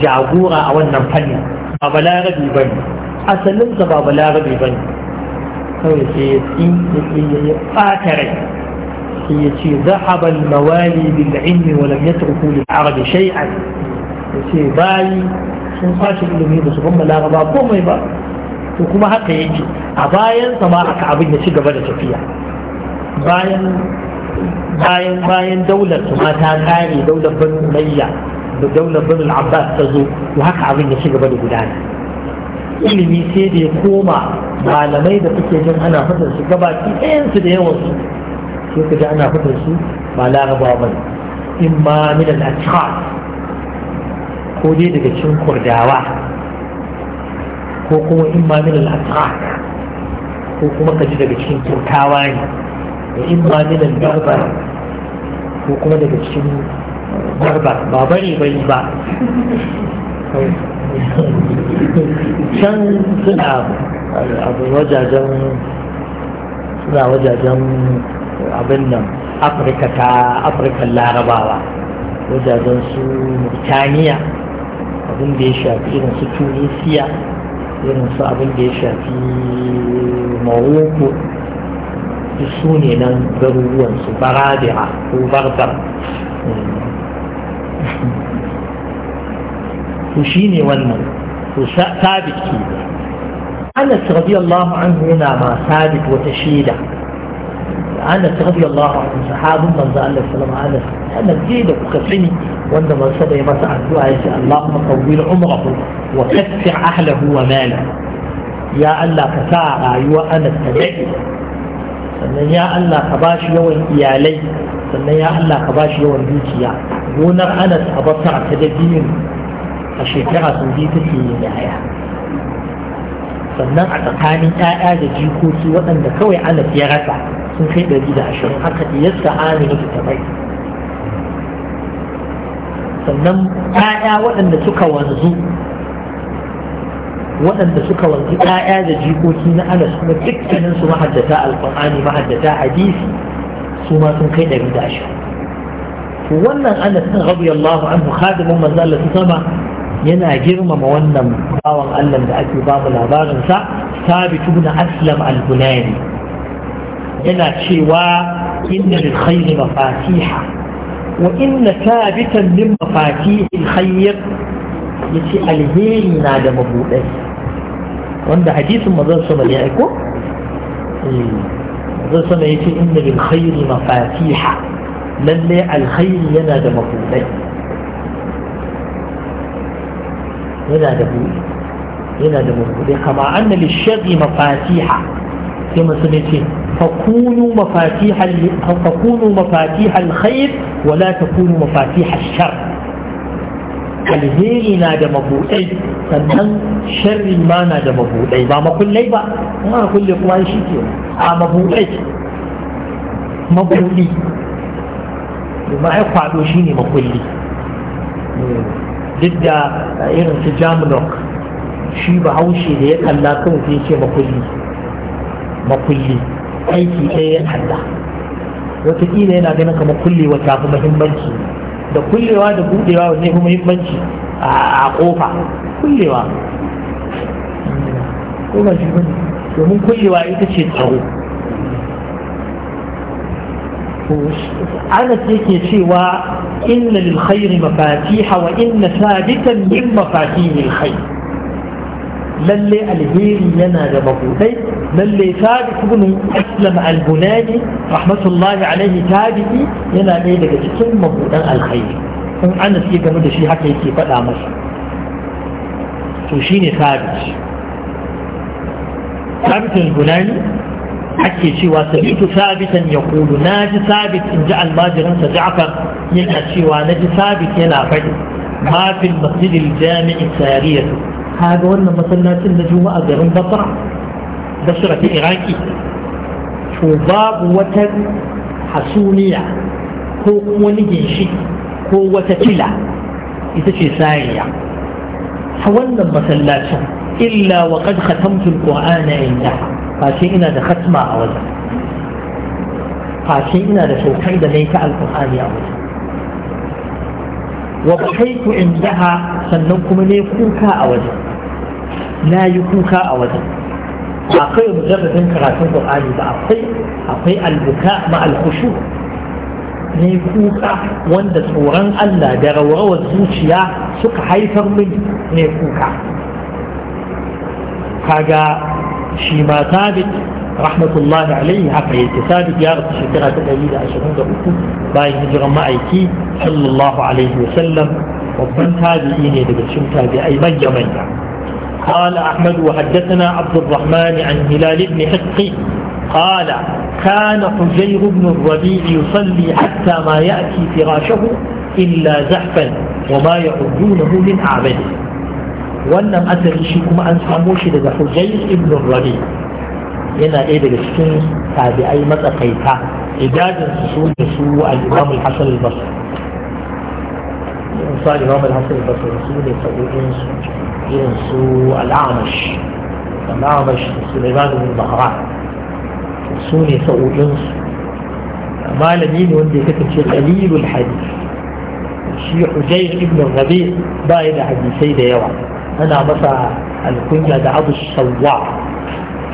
jagora a wannan fanni. ba balarabi ba ne asalinsa ba balarabi ba ne kawai sai ya tsin ya ɓata rai sai ya ce zahaban mawali bil ilmi wa lam yatruku lil arabi shay'an ya ce bayi sun kwashe ilimi ba su kammala ba komai ba to kuma haka yake a bayansa ma haka abin ya ci gaba da tafiya bayan bayan bayan daular su ma ta kare daular ban umayya da daular ban al'abbas ta zo to haka abin ya ci gaba da gudana ilimi sai da ya koma malamai da suke jin ana fitar su gabaki ɗayansu da yawansu sai ka ji ana fitar su ba larabawa ba in ma min al'ashkhas ko dai daga cikin kurdawa ko kuma in ma min al'atra ko kuma ka ji daga cikin turkawa ne da in ma min al'arbar ko kuma daga cikin Garba ba bari bai ba can suna abu wajajen suna wajajen abin nan afirka ta afirka larabawa wajajen su murtaniya abin da ya shafi irin su tunisiya irin su abin da ya shafi morocco su ne nan garuruwan su baradira ko bardar to shi ne wannan to sabit ke anas radiyallahu anhu yana ma sabit wata shaida anas radiyallahu anhu sahabin manzo Allah sallallahu alaihi wasallam anas da kuka sani wanda manzo da ya masa addu'a ya ce Allahumma qawwil umrahu wa kaffir ahlahu wa ya Allah ka sa rayuwa anas ta dade sannan ya Allah ka yawan iyalai sannan ya Allah ka ba shi yawan dukiya gonar anas a basar ta dabinin a shekara sun biyu take yin yaya sannan a tsakanin ƴaƴa da jikoki waɗanda kawai alaf ya rasa sun kai ɗari da ashirin haka diyarsa amina ta bai sannan ƴaƴa waɗanda suka wanzu waɗanda suka wanzu 'ya'ya da jikoki na anas kuma dukkanin su mahaddata alƙur'ani mahaddata hadisi su ma sun kai ɗari da ashirin wannan anas ɗin rabu yallahu anhu khadimin manzo Allah sama yana girmama wannan bawan Allah da ake ba mu labarin sa sabit ibn aslam al-bunani yana cewa inna lil khayri mafatiha wa inna sabitan min mafatih al-khayr yace alheri na da mabudai wanda hadisin mazan sama ne aiko eh, mazan sama yace inna lil khayri mafatiha lalle alkhairi yana da mabudai yana da buɗi yana da buɗi kama anna lishaghi mafatiha sai musulmi ce fakunu mafatiha mafatiha alkhair wala ta kunu mafatiha alshar alheri na da mabuɗai sannan sharri ma na da mabuɗai ba makullai ba kuma aka kulle kuma shi ke a mabuɗai mabuɗi domin ai kwado shine makulli hmm. duk da irin su Jamunok shi bahaushe da ya kalla kan sai ce makulli makulli aiki ɗaya ya kalla wataƙila yana ganin kamar kullewa ta fi muhimmanci da kullewa da buɗewa wanne fi muhimmanci a ƙofa kullewa ko ba shi domin kullewa ita ce tsaro Anas yake cewa إن للخير مفاتيح وإن ثابتا من مفاتيح الخير للي الهيري لنا لمبودي للي ثابت بن أسلم البناني رحمة الله عليه ثابتي لنا ليلة جسم مبودا الخير in ana sai game da shi haka yake faɗa masa to shi ne sabit sabitin gunani ake cewa sabitu sabitan ya kulu na ji sabit in ji almajirinsa ja'far yana cewa na ji sabit yana faɗi ma fil masjidil jami'i sariyatu kaga wannan masallacin na juma'a garin basra basra ta iraki to babu wata hasumiya ko wani ginshi ko wata fila ita ce sariya a wannan masallacin illa wa kad khatamtul qur'ana indaha fashe ina da khatma a wajen fashe ina da saukar da na yi ta alƙur'ani a wajen wa bakaitu indaha sannan kuma ne kuka a wajen na yi kuka a wajen ba kai mujarradin karatun qur'ani ba akwai akwai albuka ma alkhushu ne kuka wanda tsoron Allah da rawrawar zuciya suka haifar mini ne kuka kaga شيما ثابت رحمة الله عليه عقيدة ثابت يا رب تشكرها تدليل أشهدون دعوكم باي هجر ما أيكي صلى الله عليه وسلم وبن تابعين يدب الشمتا بأي من يمين قال أحمد وحدثنا عبد الرحمن عن هلال بن حقي قال كان حجير بن الربيع يصلي حتى ما يأتي فراشه إلا زحفا وما يعدونه من أعمله wannan asali shi kuma an samo shi daga hujjai ibn rabi yana ɗaya daga cikin tabi'ai matsakaita idajin su da su al-imam al-hasan al-basri su al-imam al-hasan al-basri su ne sabbin su irin su al-amash al-amash sulaiman bin bahran su ne sabbin su malami ne wanda ya ce qalilul hadith shi hujjai ibn rabi ba ya da hadisai da yawa أنا بسع الكنية ده أبو الصوار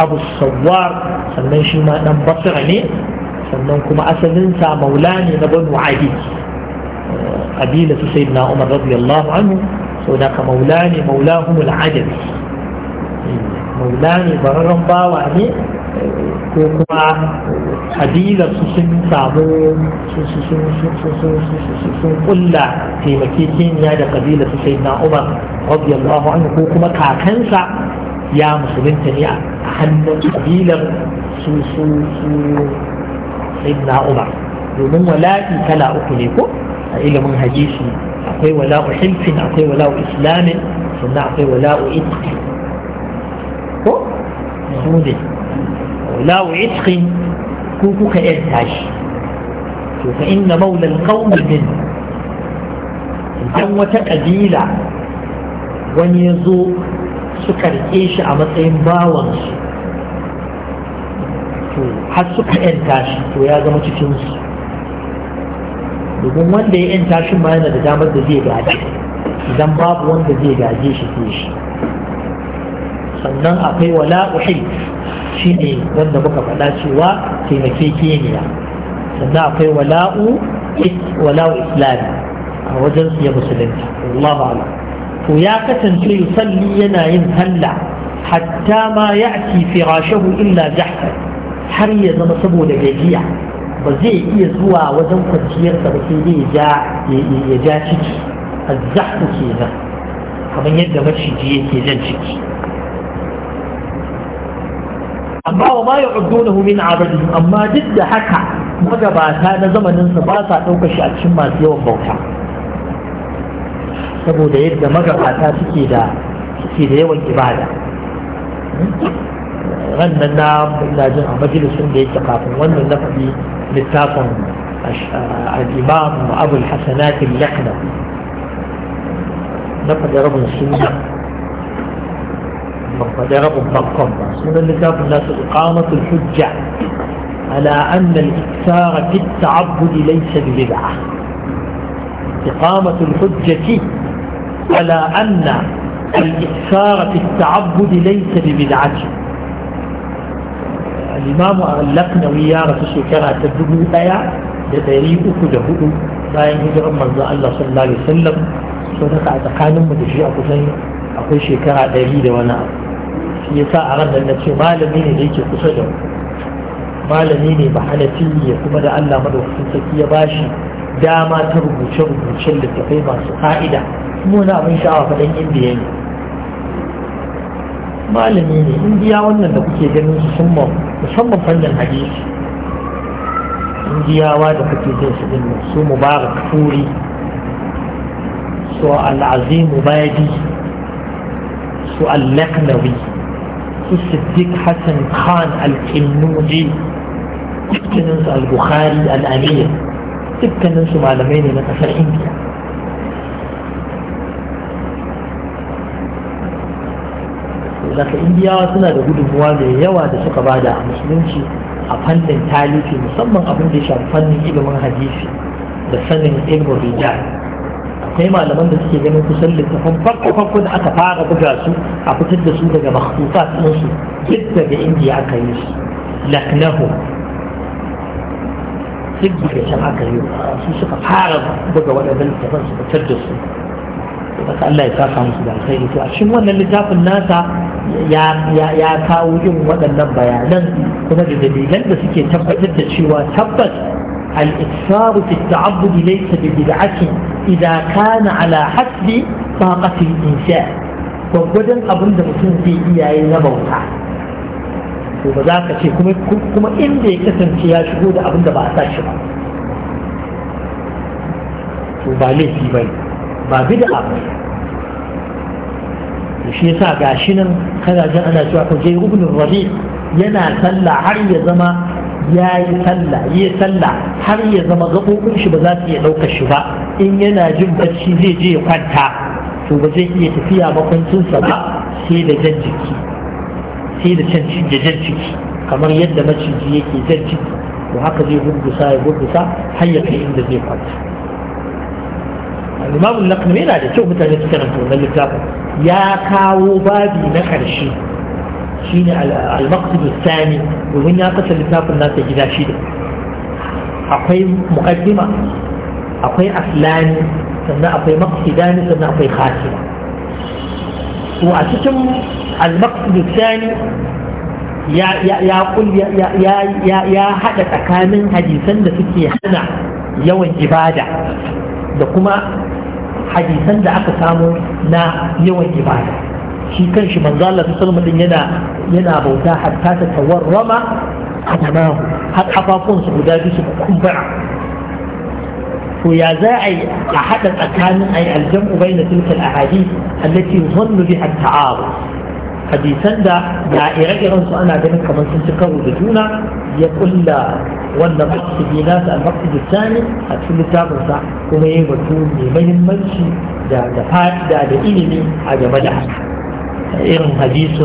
أبو الصوار سنن شما ننبصر عني سنن كما أسننسى مولاني نبن عدي قبيلة سيدنا عمر رضي الله عنه هناك مولاني مولاهم العجل مولاني بررنبا وعني ko kuma kabilar su sun samu sun kulla taimakekeniya da kabilar su sai na umar radiyallahu anhu ko kuma kakansa ya musulunta ne a hannun kabilar su su sai na umar domin wala'i kala uku ne ko a ilimin hadisi akwai wala'u hilfin akwai wala'u islamin sannan akwai wala'u itki ko su ne lawo itqin ku kuka yanta shi to fa inna maula alqawmi idan wata kabila wani ya zo suka rike shi a matsayin bawansu to har suka yanta shi to ya zama cikinsu domin wanda ya yanta shi ma yana da damar da zai gaje idan babu wanda zai gaje shi ke shi sannan akwai wala uhai shi ne wanda muka faɗa cewa keniya sannan akwai wala'u wala'u islami a wajen su ya musulunta Allahu ala to ya kasance yusalli yana yin sallah hatta ma ya'ti firashahu illa jahra har ya zama saboda gajiya ba zai iya zuwa wajen kwanciyarsa ba sai dai ja ya ja ciki azzahku kenan kamar yadda maciji yake jan ciki amma wa ma ya'uddunahu min abadi amma duk da haka magabata na zamanin sa ba sa daukar shi a cikin masu yawan bauta saboda yadda magabata suke da suke da yawan ibada rannan na ina jin a majalisun da yake kafin wannan na faɗi littafin al-imam abul hasanat al na faɗi rabin sunna فالطريق مطلقا من اللقاء الناس إقامة الحجة على أن الإكثار في التعبد ليس ببدعة إقامة الحجة على أن الإكثار في التعبد ليس ببدعة الإمام أغلقنا ويارة رسول كرة تدبو آية لدريء كده bayan hijirar manzo Allah sallallahu alaihi wasallam so da tsakanin mu da shi a kusan akwai shi yasa a ran nan ce malami ne da yake kusa da malami ne ba ya kuma da Allah madaukakin sarki ya bashi dama ta rubuce-rubucen littattafai masu fa'ida kuma wani abin sha'awa faɗin indiya ne malami ne indiya wannan da kuke ganin su sun musamman fannin hadisi indiyawa da kuke jin su din su mubarak turi su al'azim mubadi su al-laknawi الصديق حسن خان الكنوجي dukkaninsu al da al-amir dukkaninsu malamai ne na kasar indiya daga indiyawa suna da gudunmuwa mai yawa da suka bada a musulunci a fannin talifi musamman abin da ya shafi fannin ilimin hadisi da sanin ilimin rijal akwai malaman da suke ganin kusan littafin farko farko da aka fara buga su a fitar da su daga makhsusat ɗinsu duk daga indiya aka yi su laknahu duk daga can aka yi su suka fara buga waɗannan littafin su fitar da su daga Allah ya saka musu da alkhairi to a cikin wannan littafin nasa ya kawo yin waɗannan bayanan kuma da dalilan da suke tabbatar da cewa tabbas al-iksaru fi at-ta'abbud laysa bi bid'atin إذا كان على حسب طاقة الإنسان وقدن أبن دمتون في إياه نبوتا وبذاك شيء كما كما إن دي كسن شيء شهود أبن دبعتا شبا وبالي في بي بابد أبن shi yasa gashi nan kana jin ana cewa ko je ibn rabi yana sallah har ya zama ya yi sallah ya sallah har ya zama gaɓoɓin shi ba za su iya ɗaukar shi ba in yana jin bacci zai je ya kwanta to ba zai iya tafiya makwancinsa ba sai da jan jiki sai da can da jan ciki kamar yadda maciji yake jan ciki to haka zai gurgusa ya gurgusa har ya kai inda zai kwanta al-imam yana da kyau mutane su karanta wannan littafin ya kawo babi na ƙarshe shine al-maqsid al-thani domin ya kasa littafin nasa gida shida akwai muqaddima akwai aslani sannan akwai maqsidani sannan akwai khatima to a cikin al-maqsid al-thani ya ya ya ya ya hada tsakanin hadisan da suke hana yawan ibada da kuma hadisan da aka samu na yawan ibada shi kan shi manzo Allah sallallahu alaihi yana yana bauta hatta ta tawarrama amamahu har kafafun su guda biyu su kumbura to ya za a yi a haɗa tsakanin a yi aljam'u bai na tilkal ahadi allati zannu bi ta'aru hadisan da da ire-iren su ana ganin kamar sun ci karo da juna ya kulla wannan maksudi nasa a maksudi sani a cikin littafinsa kuma ya batu mai mahimmanci da da da ilimi a game da haka إرم حديث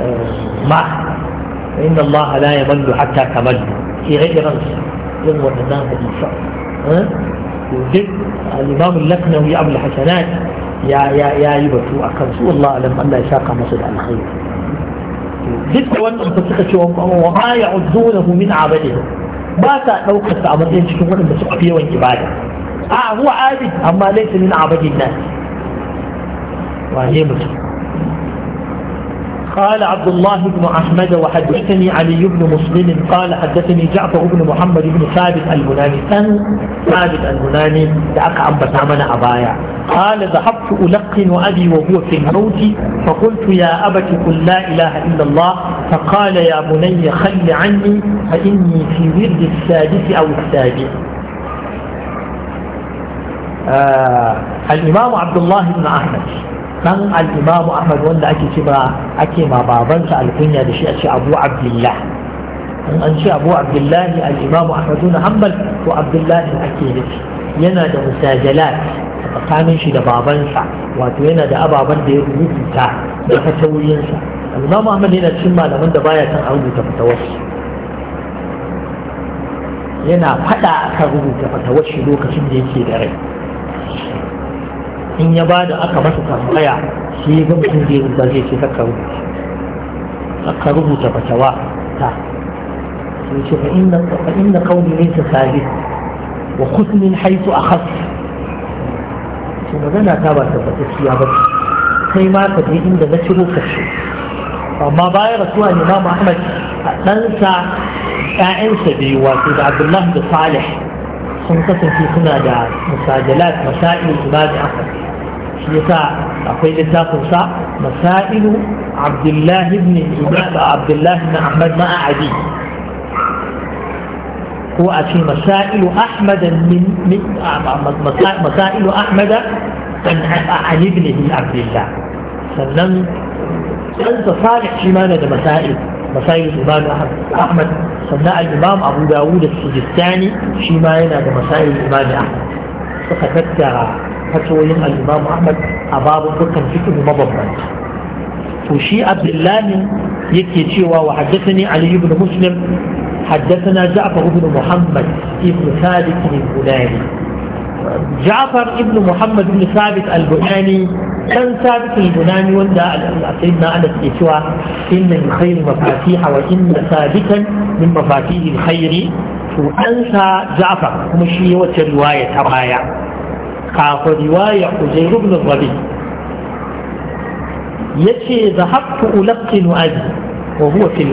آه، مع إن الله لا يمل حتى تمل في غير رمس إرم والإمام بالنساء وذب الإمام اللقنوي أم الحسنات يا يا يا يبتو أكبر سوء الله لم أن لا يساق مصد على خير ذب وأنتم تتخذ وما يعدونه من عبده ما تأوقف أمرين شكوان بسوء فيه وانتبادة آه هو عادي أما ليس من عبد الناس وهي مسلم قال عبد الله بن أحمد وحدثني علي بن مسلم قال حدثني جعفر بن محمد بن ثابت البناني أن ثابت البناني دعك عم بتعمل أبايع قال ذهبت ألقن أبي وهو في الموت فقلت يا أبت قل لا إله إلا الله فقال يا بني خل عني فإني في ورد السادس أو السابع آه الإمام عبد الله بن أحمد dan al-imamu ahmad wanda ake ce ba ake ma babansa alkunya da shi a ce abu abdullah in an ce abu abdullah al-imamu ahmad ibn hanbal to abdullah ake nufi yana da musajalat tsakanin shi da babansa wato yana da ababen da ya rubuta da fatawoyinsa al-imamu ahmad yana cikin malaman da baya san a rubuta fatawarsa yana a kan rubuta fatawarsa lokacin da yake da rai in ya ba da aka masa tambaya shi ga mutum zai rubuta zai ce ka rubuta ka rubuta fatawa ta sai ce fa inna fa inna qawli laysa sabit wa khusnin haythu akhas to magana ta ba ta fatacciya ba kai ma ka je inda na ciro ka ce amma baya rasuwa imam muhammad a ɗansa ƴaƴansa biyu wato da abdullahi da salih sun kasance suna da musajalat masail ibadi ahmad متاع أقول لتاكو ساعة مسائل عبد الله بن جبال عبد الله بن أحمد ما أعدي هو أشي مسائل أحمد من, مسائل أحمد عن ابنه عبد الله سلم أنت صالح شمال هذا مسائل مسائل الإمام أحمد سلم الإمام أبو داود السجستاني شمال هذا مسائل الإمام أحمد فقد ذكر fatoyin al’imam Ahmad a babu dukkan cikin mabambanta. To shi Abdullahi yake cewa wa haddasa ne Ali ibn Muslim haddasa Ja'far ibn Muhammad ibn Thabit ibn Bulani. Ja'far ibn Muhammad ibn Thabit al-Bulani dan Thabit al-Bulani wanda al-Asayyid na Anas ke cewa inna khayru mafatiha wa inna thabitan min mafatihi al-khayri to ɗansa Ja'far kuma shi ya wace riwaya ta baya. kafa riwaya Ujair ibn Rabi yace zahabtu ulaqinu abi wa huwa fil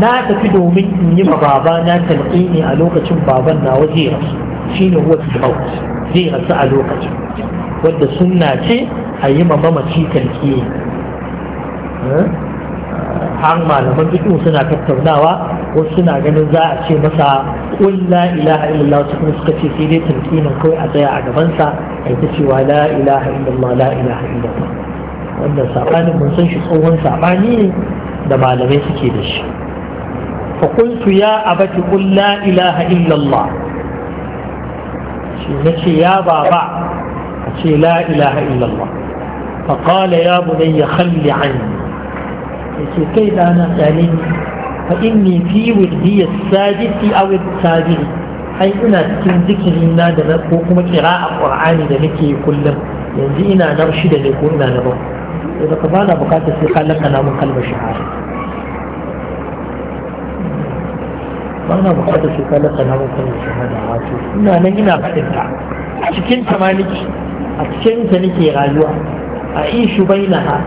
na tafi domin in yi ma baba na talqini a lokacin baban na waje rasu shine huwa fil maut zai rasu a lokacin wadda sunna ce a yi ma mamaci talqini eh? har malaman duk suna tattaunawa wasu suna ganin za a ce masa قل لا إله إلا الله تكون سكتي في دي تمكين كوي أطيع أجبنسا أي تسوى لا إله إلا الله لا إله إلا الله وأن سعبان من سنش صوهن سعباني لما لم يسكيدش فقلت يا أبت قل لا إله إلا الله نشي يا بابا نشي لا إله إلا الله فقال يا بني خل عني يقول كيف أنا سأليني فإني في ودي السادس أو السابع أي أنا تكن ذكرنا دنا كوكما قراءة القرآن دنكي كلهم ينزي إنا نرشد لكونا نبو إذا كفانا بقات السيقال لك أنا من قلب الشعار أنا بقات السيقال لك أنا من قلب الشعار إنا نجنا بحثنا أشكين تمالك أشكين تنكي غايوة أعيش بينها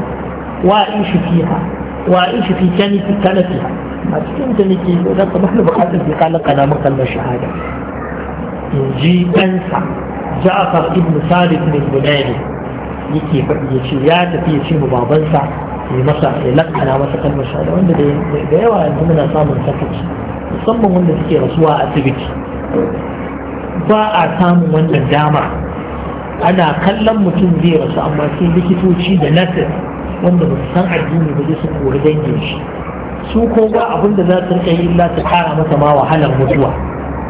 وأعيش فيها وأعيش في كنفها a cikin ta nake da ka ba da ka bai kala kana makallar shahada in ji ɗansa ja'afar ibn sabit ne bunani yake faɗi ya ce ya tafi ya ce mu babansa ya masa ya lakana masa kalmar shahada wanda da yawa yanzu muna samun sakaci musamman wanda suke rasuwa a asibiti ba a samun wannan dama ana kallon mutum zai rasu amma sai likitoci da nasir wanda ba su san addini ba zai su kori dangin shi su ko abun abin da za su rika yi illa su kara masa ma wahalar mutuwa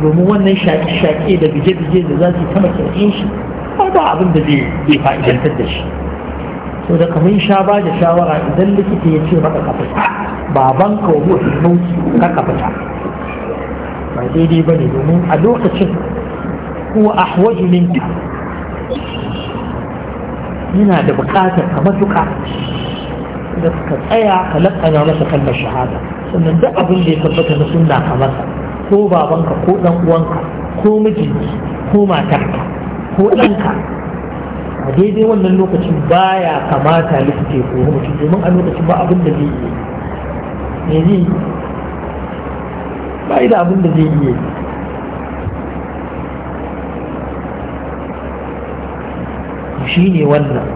domin wannan shaƙe-shaƙe da bije-bije da za su yi kama kirkin shi ba abin da zai fa'idantar da shi To da kamar sha ba da shawara idan likita ya ce maka ka fita baban ka wa huwa ilmauti ka fita ba daidai ba ne domin a lokacin a ahwaju minka yana da buƙatar ka matuƙa da suka tsaya ka lakana masa kalmar shahada sannan duk abin da ya tabbata na sunna ka masa ko babanka ko dan uwanka ko mijinki ko matarka ko ɗanka a daidai wannan lokacin baya kamata likita ko mutum domin a lokacin ba abin da zai yi ne zai ba da abin da zai yi shi ne wannan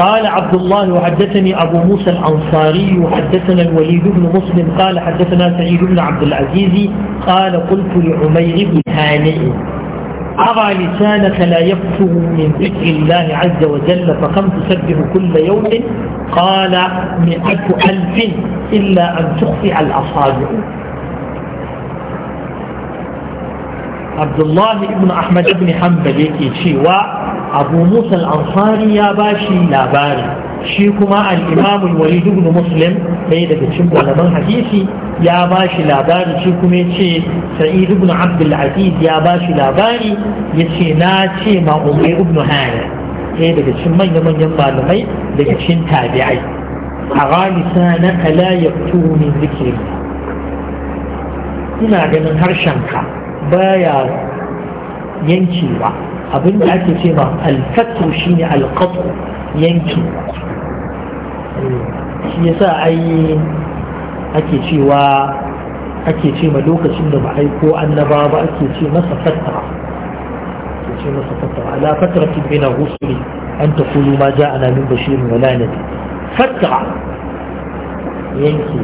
قال عبد الله وحدثني أبو موسى الأنصاري وحدثنا الوليد بن مسلم قال حدثنا سعيد بن عبد العزيز قال قلت لعمير بن هانئ أرى لسانك لا يفتر من ذكر الله عز وجل فكم تسبح كل يوم قال مئة ألف إلا أن تخفي الأصابع abdullahi ibn ahmad ibn hanbal yake cewa abu musa al-ansari ya bashi labari shi kuma al-imam al-walid ibn muslim ɗaya daga cikin malaman hadisi ya bashi labari shi kuma yace sa'id ibn abdul aziz ya bashi labari yace na ce ma umay ibn hayy ɗaya daga cikin manyan manyan malamai daga cikin tabi'ai a ghalisa na kala yaktuhu min zikri ina ganin harshen ka baya yankewa abinda ake ce ma alfatu shine alqatu yanki eh, shi yasa ai ake cewa ake ce ma lokacin da ba aiko annaba ba ake ce masa fatara ake ce masa fatara ala fatratin bina rusuli an taqulu ma ja'ana min bashirin wala nadir fatara yanki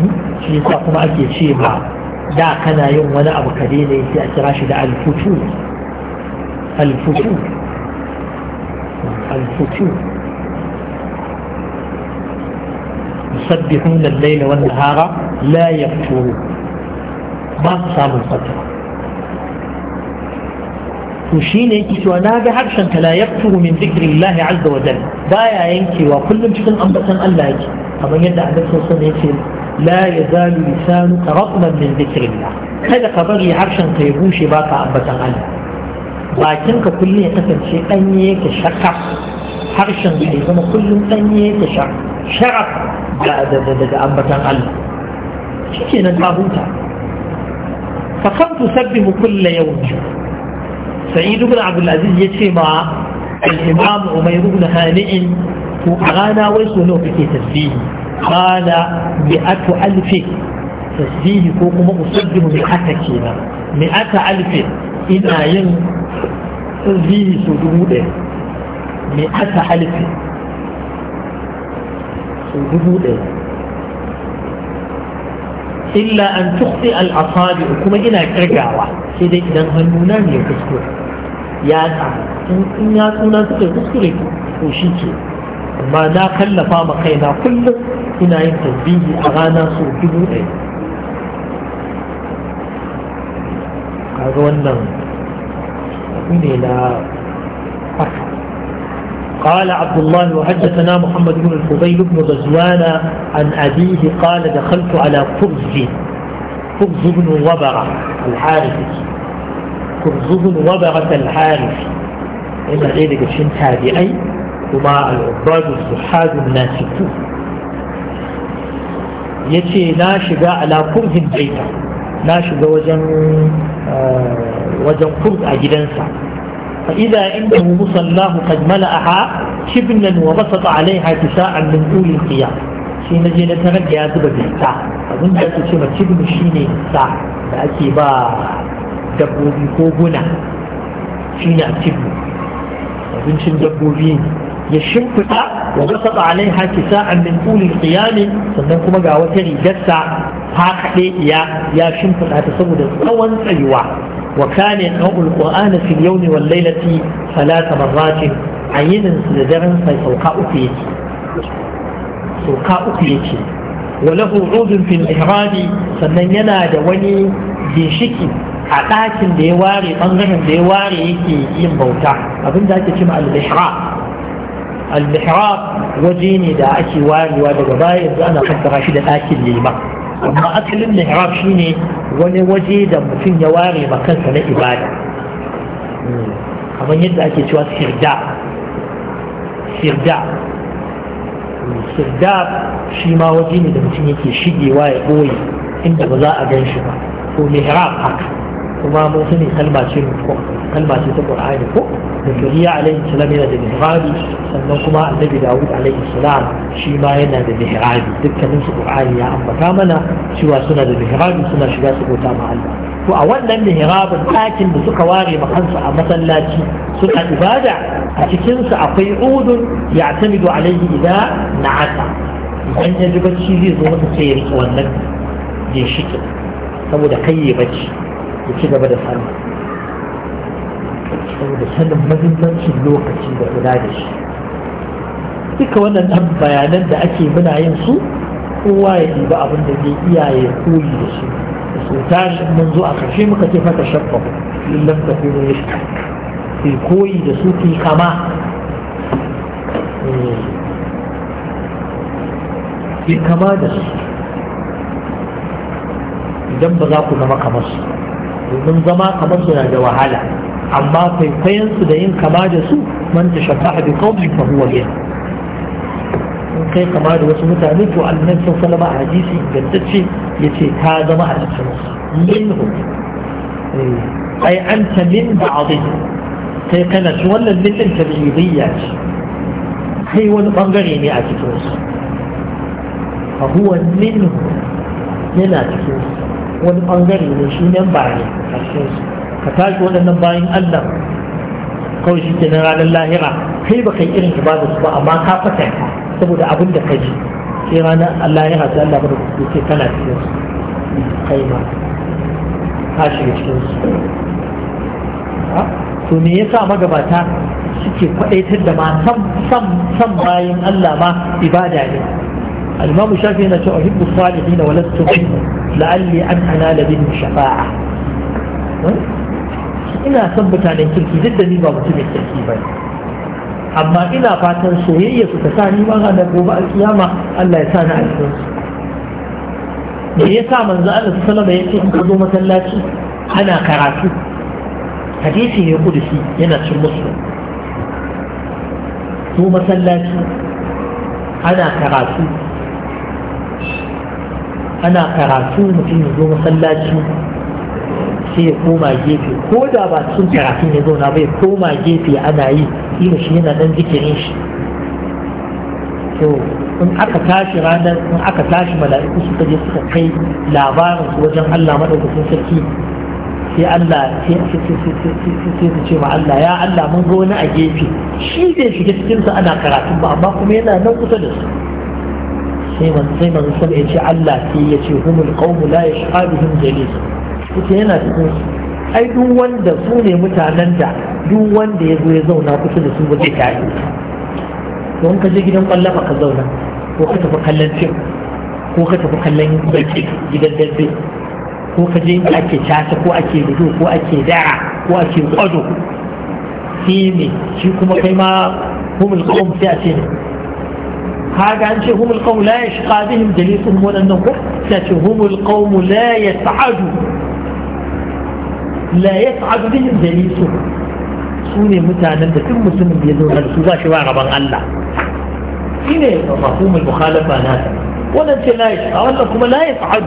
hmm? shi yasa kuma ake ce ma da kana yin wani abu ka daina sai a kira shi da alfutu alfutu alfutu يسبحون الليل والنهار لا يفترون ما samun فترة to shi ne yake cewa na ga harshen ka la yafturu min zikrin Allah azza wa jalla baya yankewa kullum cikin ambatan Allah yake kamar yadda Annabi sallallahu alaihi wasallam yake لا يزال لسانك رطبا من ذكر الله هذا خبر عرشا قيبوشي باقا أبتا غلا باكنك كل يتفن في أن يتشقق عرشا قيبوشي كل أن يتشقق شرق لا أبتا غلا شكينا المعبوطة فقمت سبه كل يوم سعيد بن عبد العزيز يتفي مع الإمام عمير بن هانئ وأغانا ويسولو في تسبيه قال مئة ألف تسديد كوكما أصدم مئة كينا مئة ألف إنا ين تسبيه سجوده مئة ألف سجوده إلا أن تخطئ الأصابع كما إنا كرجعوا سيدي إذا هنونا يكسكور يا إن يا سونا تكسكور وشيكي amma na kallafa ma kaina kullum ina yin tasbihi a rana su dubu ɗaya kaga wannan abu ne na قال عبد الله وحدثنا محمد بن الفضيل بن غزوان عن أبيه قال دخلت على كرز كرز بن وبرة الحارثي كرز بن وبرة الحارثي إذا عيدك لك هذه تابعي kuma al'ubbadu su hajjun na ciku ya ce na shiga alakun hindaita wajen eh, wajen a gidansa fa idza indahu musallahu qad aha shibnan wa basata alaiha kisa'an min tul qiyam shi na je na tarar ya zuba bita abin da ake ce ma shibnu shine sa da ake ba dabbobi ko guna shine a shibnu abincin dabbobi ne ya shimfiɗa wa basata alaiha kisa'an min qulil qiyam sannan kuma ga wata rigarsa fakaɗe ya ya shimfiɗa ta saboda tsawon tsayuwa wa kana yanqul qur'ana fil yawmi wal laylati thalatha marratin ayinin da daren sai sauka uku yake sauka uku yake wa lahu udun sannan yana da wani ginshiki a ɗakin da ya ware ɓangaren da ya ware yake yin bauta abin da ake cima al-ihra al-mihrab waje ne da ake warewa daga baya yanzu ana fassara shi da ɗakin lema amma asalin mihrab shine wani waje da mutum ya ware ma kansa na ibada kamar yadda ake cewa sirda sirda sirda shi ma waje ne da mutum yake shigewa ya ɓoye inda ba za a gan shi ba ko mihrab haka kuma mun sani kalma ce ko kalma ce ta Qur'ani ko da Kariya alaihi salam yana da mihrabi sannan kuma Annabi Dawud alaihi salam shi ma yana da mihrabi dukkanin su Qur'ani ya ambata mana cewa suna da mihrabi suna shiga su bauta ma Allah to a wannan mihrabin ɗakin da suka ware ma kansu a masallaci suna ibada a cikin su akwai udun ya tamidu alaihi idan na'ata idan ya ji bacci zai zo masa sai ya riƙe wannan ginshiƙin saboda kai ya bacci ya ci gaba da sallah saboda sanin mahimmancin lokaci da kula da shi duka waɗannan bayanan da ake muna yin su kowa ya ɗiba abin da zai iyaye koyi da shi da su tashi mun zo a ƙarshe muka ce fata shabba lullan ka fi ne ke koyi da su ke kama eh, ke kama da su idan ba za ku zama kamar su domin zama kamar suna da wahala amma kwaikwayon su da yin kama da su man ta shafaha bi qawmin fa huwa min kai kama da wasu mutane to annabi sallallahu alaihi hadisi ingantacce yace ta zama a cikin su minhu ai anta min ba'dih kai kana shi wannan mutum tabi'iyya ce kai wani bangare ne a cikin su fa huwa minhu yana cikin su wani bangare ne shi memba ne karshen su. ka tashi waɗannan bayan allah kawai shi kenan ranar lahira kai ba kai irin ba su ba amma ka fata saboda abin da ka ji sai ranar lahira sai allah mada kuku ce kana cikin su kai ma ka shiga cikin su to me yasa magabata suke kwadaitar da ma san bayan allah ma ibada ne al-imamu shafi yana cewa hibbu salihin wa lastu minhum la'alli an anala bin shafa'a ina son mutanen kirki duk da ni ba mutumin kirki ba amma ina fatan soyayya su ta sani ni ma ranar gobe alkiyama Allah ya sa ni alkiyar su me yasa manzo Allah sallama yace in ka zo masallaci ana karatu hadisi ne kudusi yana cin musu zo masallaci ana karatu ana karatu mutum ya zo masallaci sai ya koma gefe ko da ba cikin karatu ya zauna bai koma gefe ana yi ila shi yana dan zikirin shi to in aka tashi ranar in aka tashi mala'iku suka je suka kai labarin wajen Allah madaukakin sarki sai Allah sai su ce ma Allah ya Allah mun ga wani a gefe shi bai shiga cikin ana karatu ba amma kuma yana nan kusa da su sai man sai man sun ya ce Allah sai ya ce humul qawmu la yashhaduhum jalis kuce yana cikin ai duk wanda su ne mutanen da duk wanda ya zo ya zauna kusa da su ba zai tashi don ka je gidan kwallon ka zauna ko ka tafi kallon fim ko ka tafi kallon baki gidan dabbe ko ka je inda ake casa ko ake gudu ko ake dara ko ake kwado shi ne shi kuma kai ma humul qawm sai a ce هذا عن هم القوم لا يشقى بهم دليلهم ولا النقر هم القوم لا يسعد لا يسعد بهم دليلهم سوني متعلم تتم مسلم بيزون هذا سوى شواء ربان الله هنا مفهوم المخالفة هذا ولا لا يشقى ولا كما لا يسعد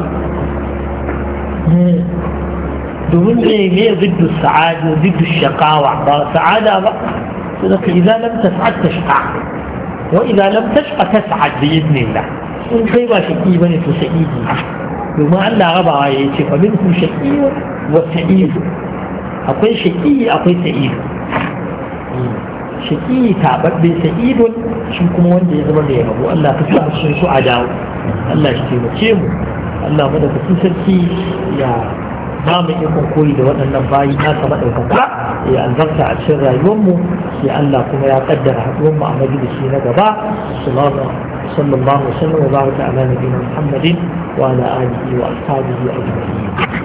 دون ايه ضد السعادة ضد الشقاوة سعادة بقى إذا لم تسعد تشقى wa idan lam tashqa tas'ad bi in kai ba shaqi bane to sa'idi domin Allah rabawa ya ce fa minkum wa sa'id akwai shaqi akwai sa'id hmm. shaqi tababbe sa'idun shi kuma wanda ya zama da ya rabu Allah ta sa shi su a Allah taimake mu Allah madaukakin ya ba mu ikon koyi da waɗannan bayi na kama ɗaukaka ya albarka a cikin rayuwarmu sai Allah kuma ya kaddara haɗuwarmu a majalisi na gaba sallallahu alaihi wa sallam wa baraka ala nabiyina muhammadin wa ala alihi wa ashabihi ajma'in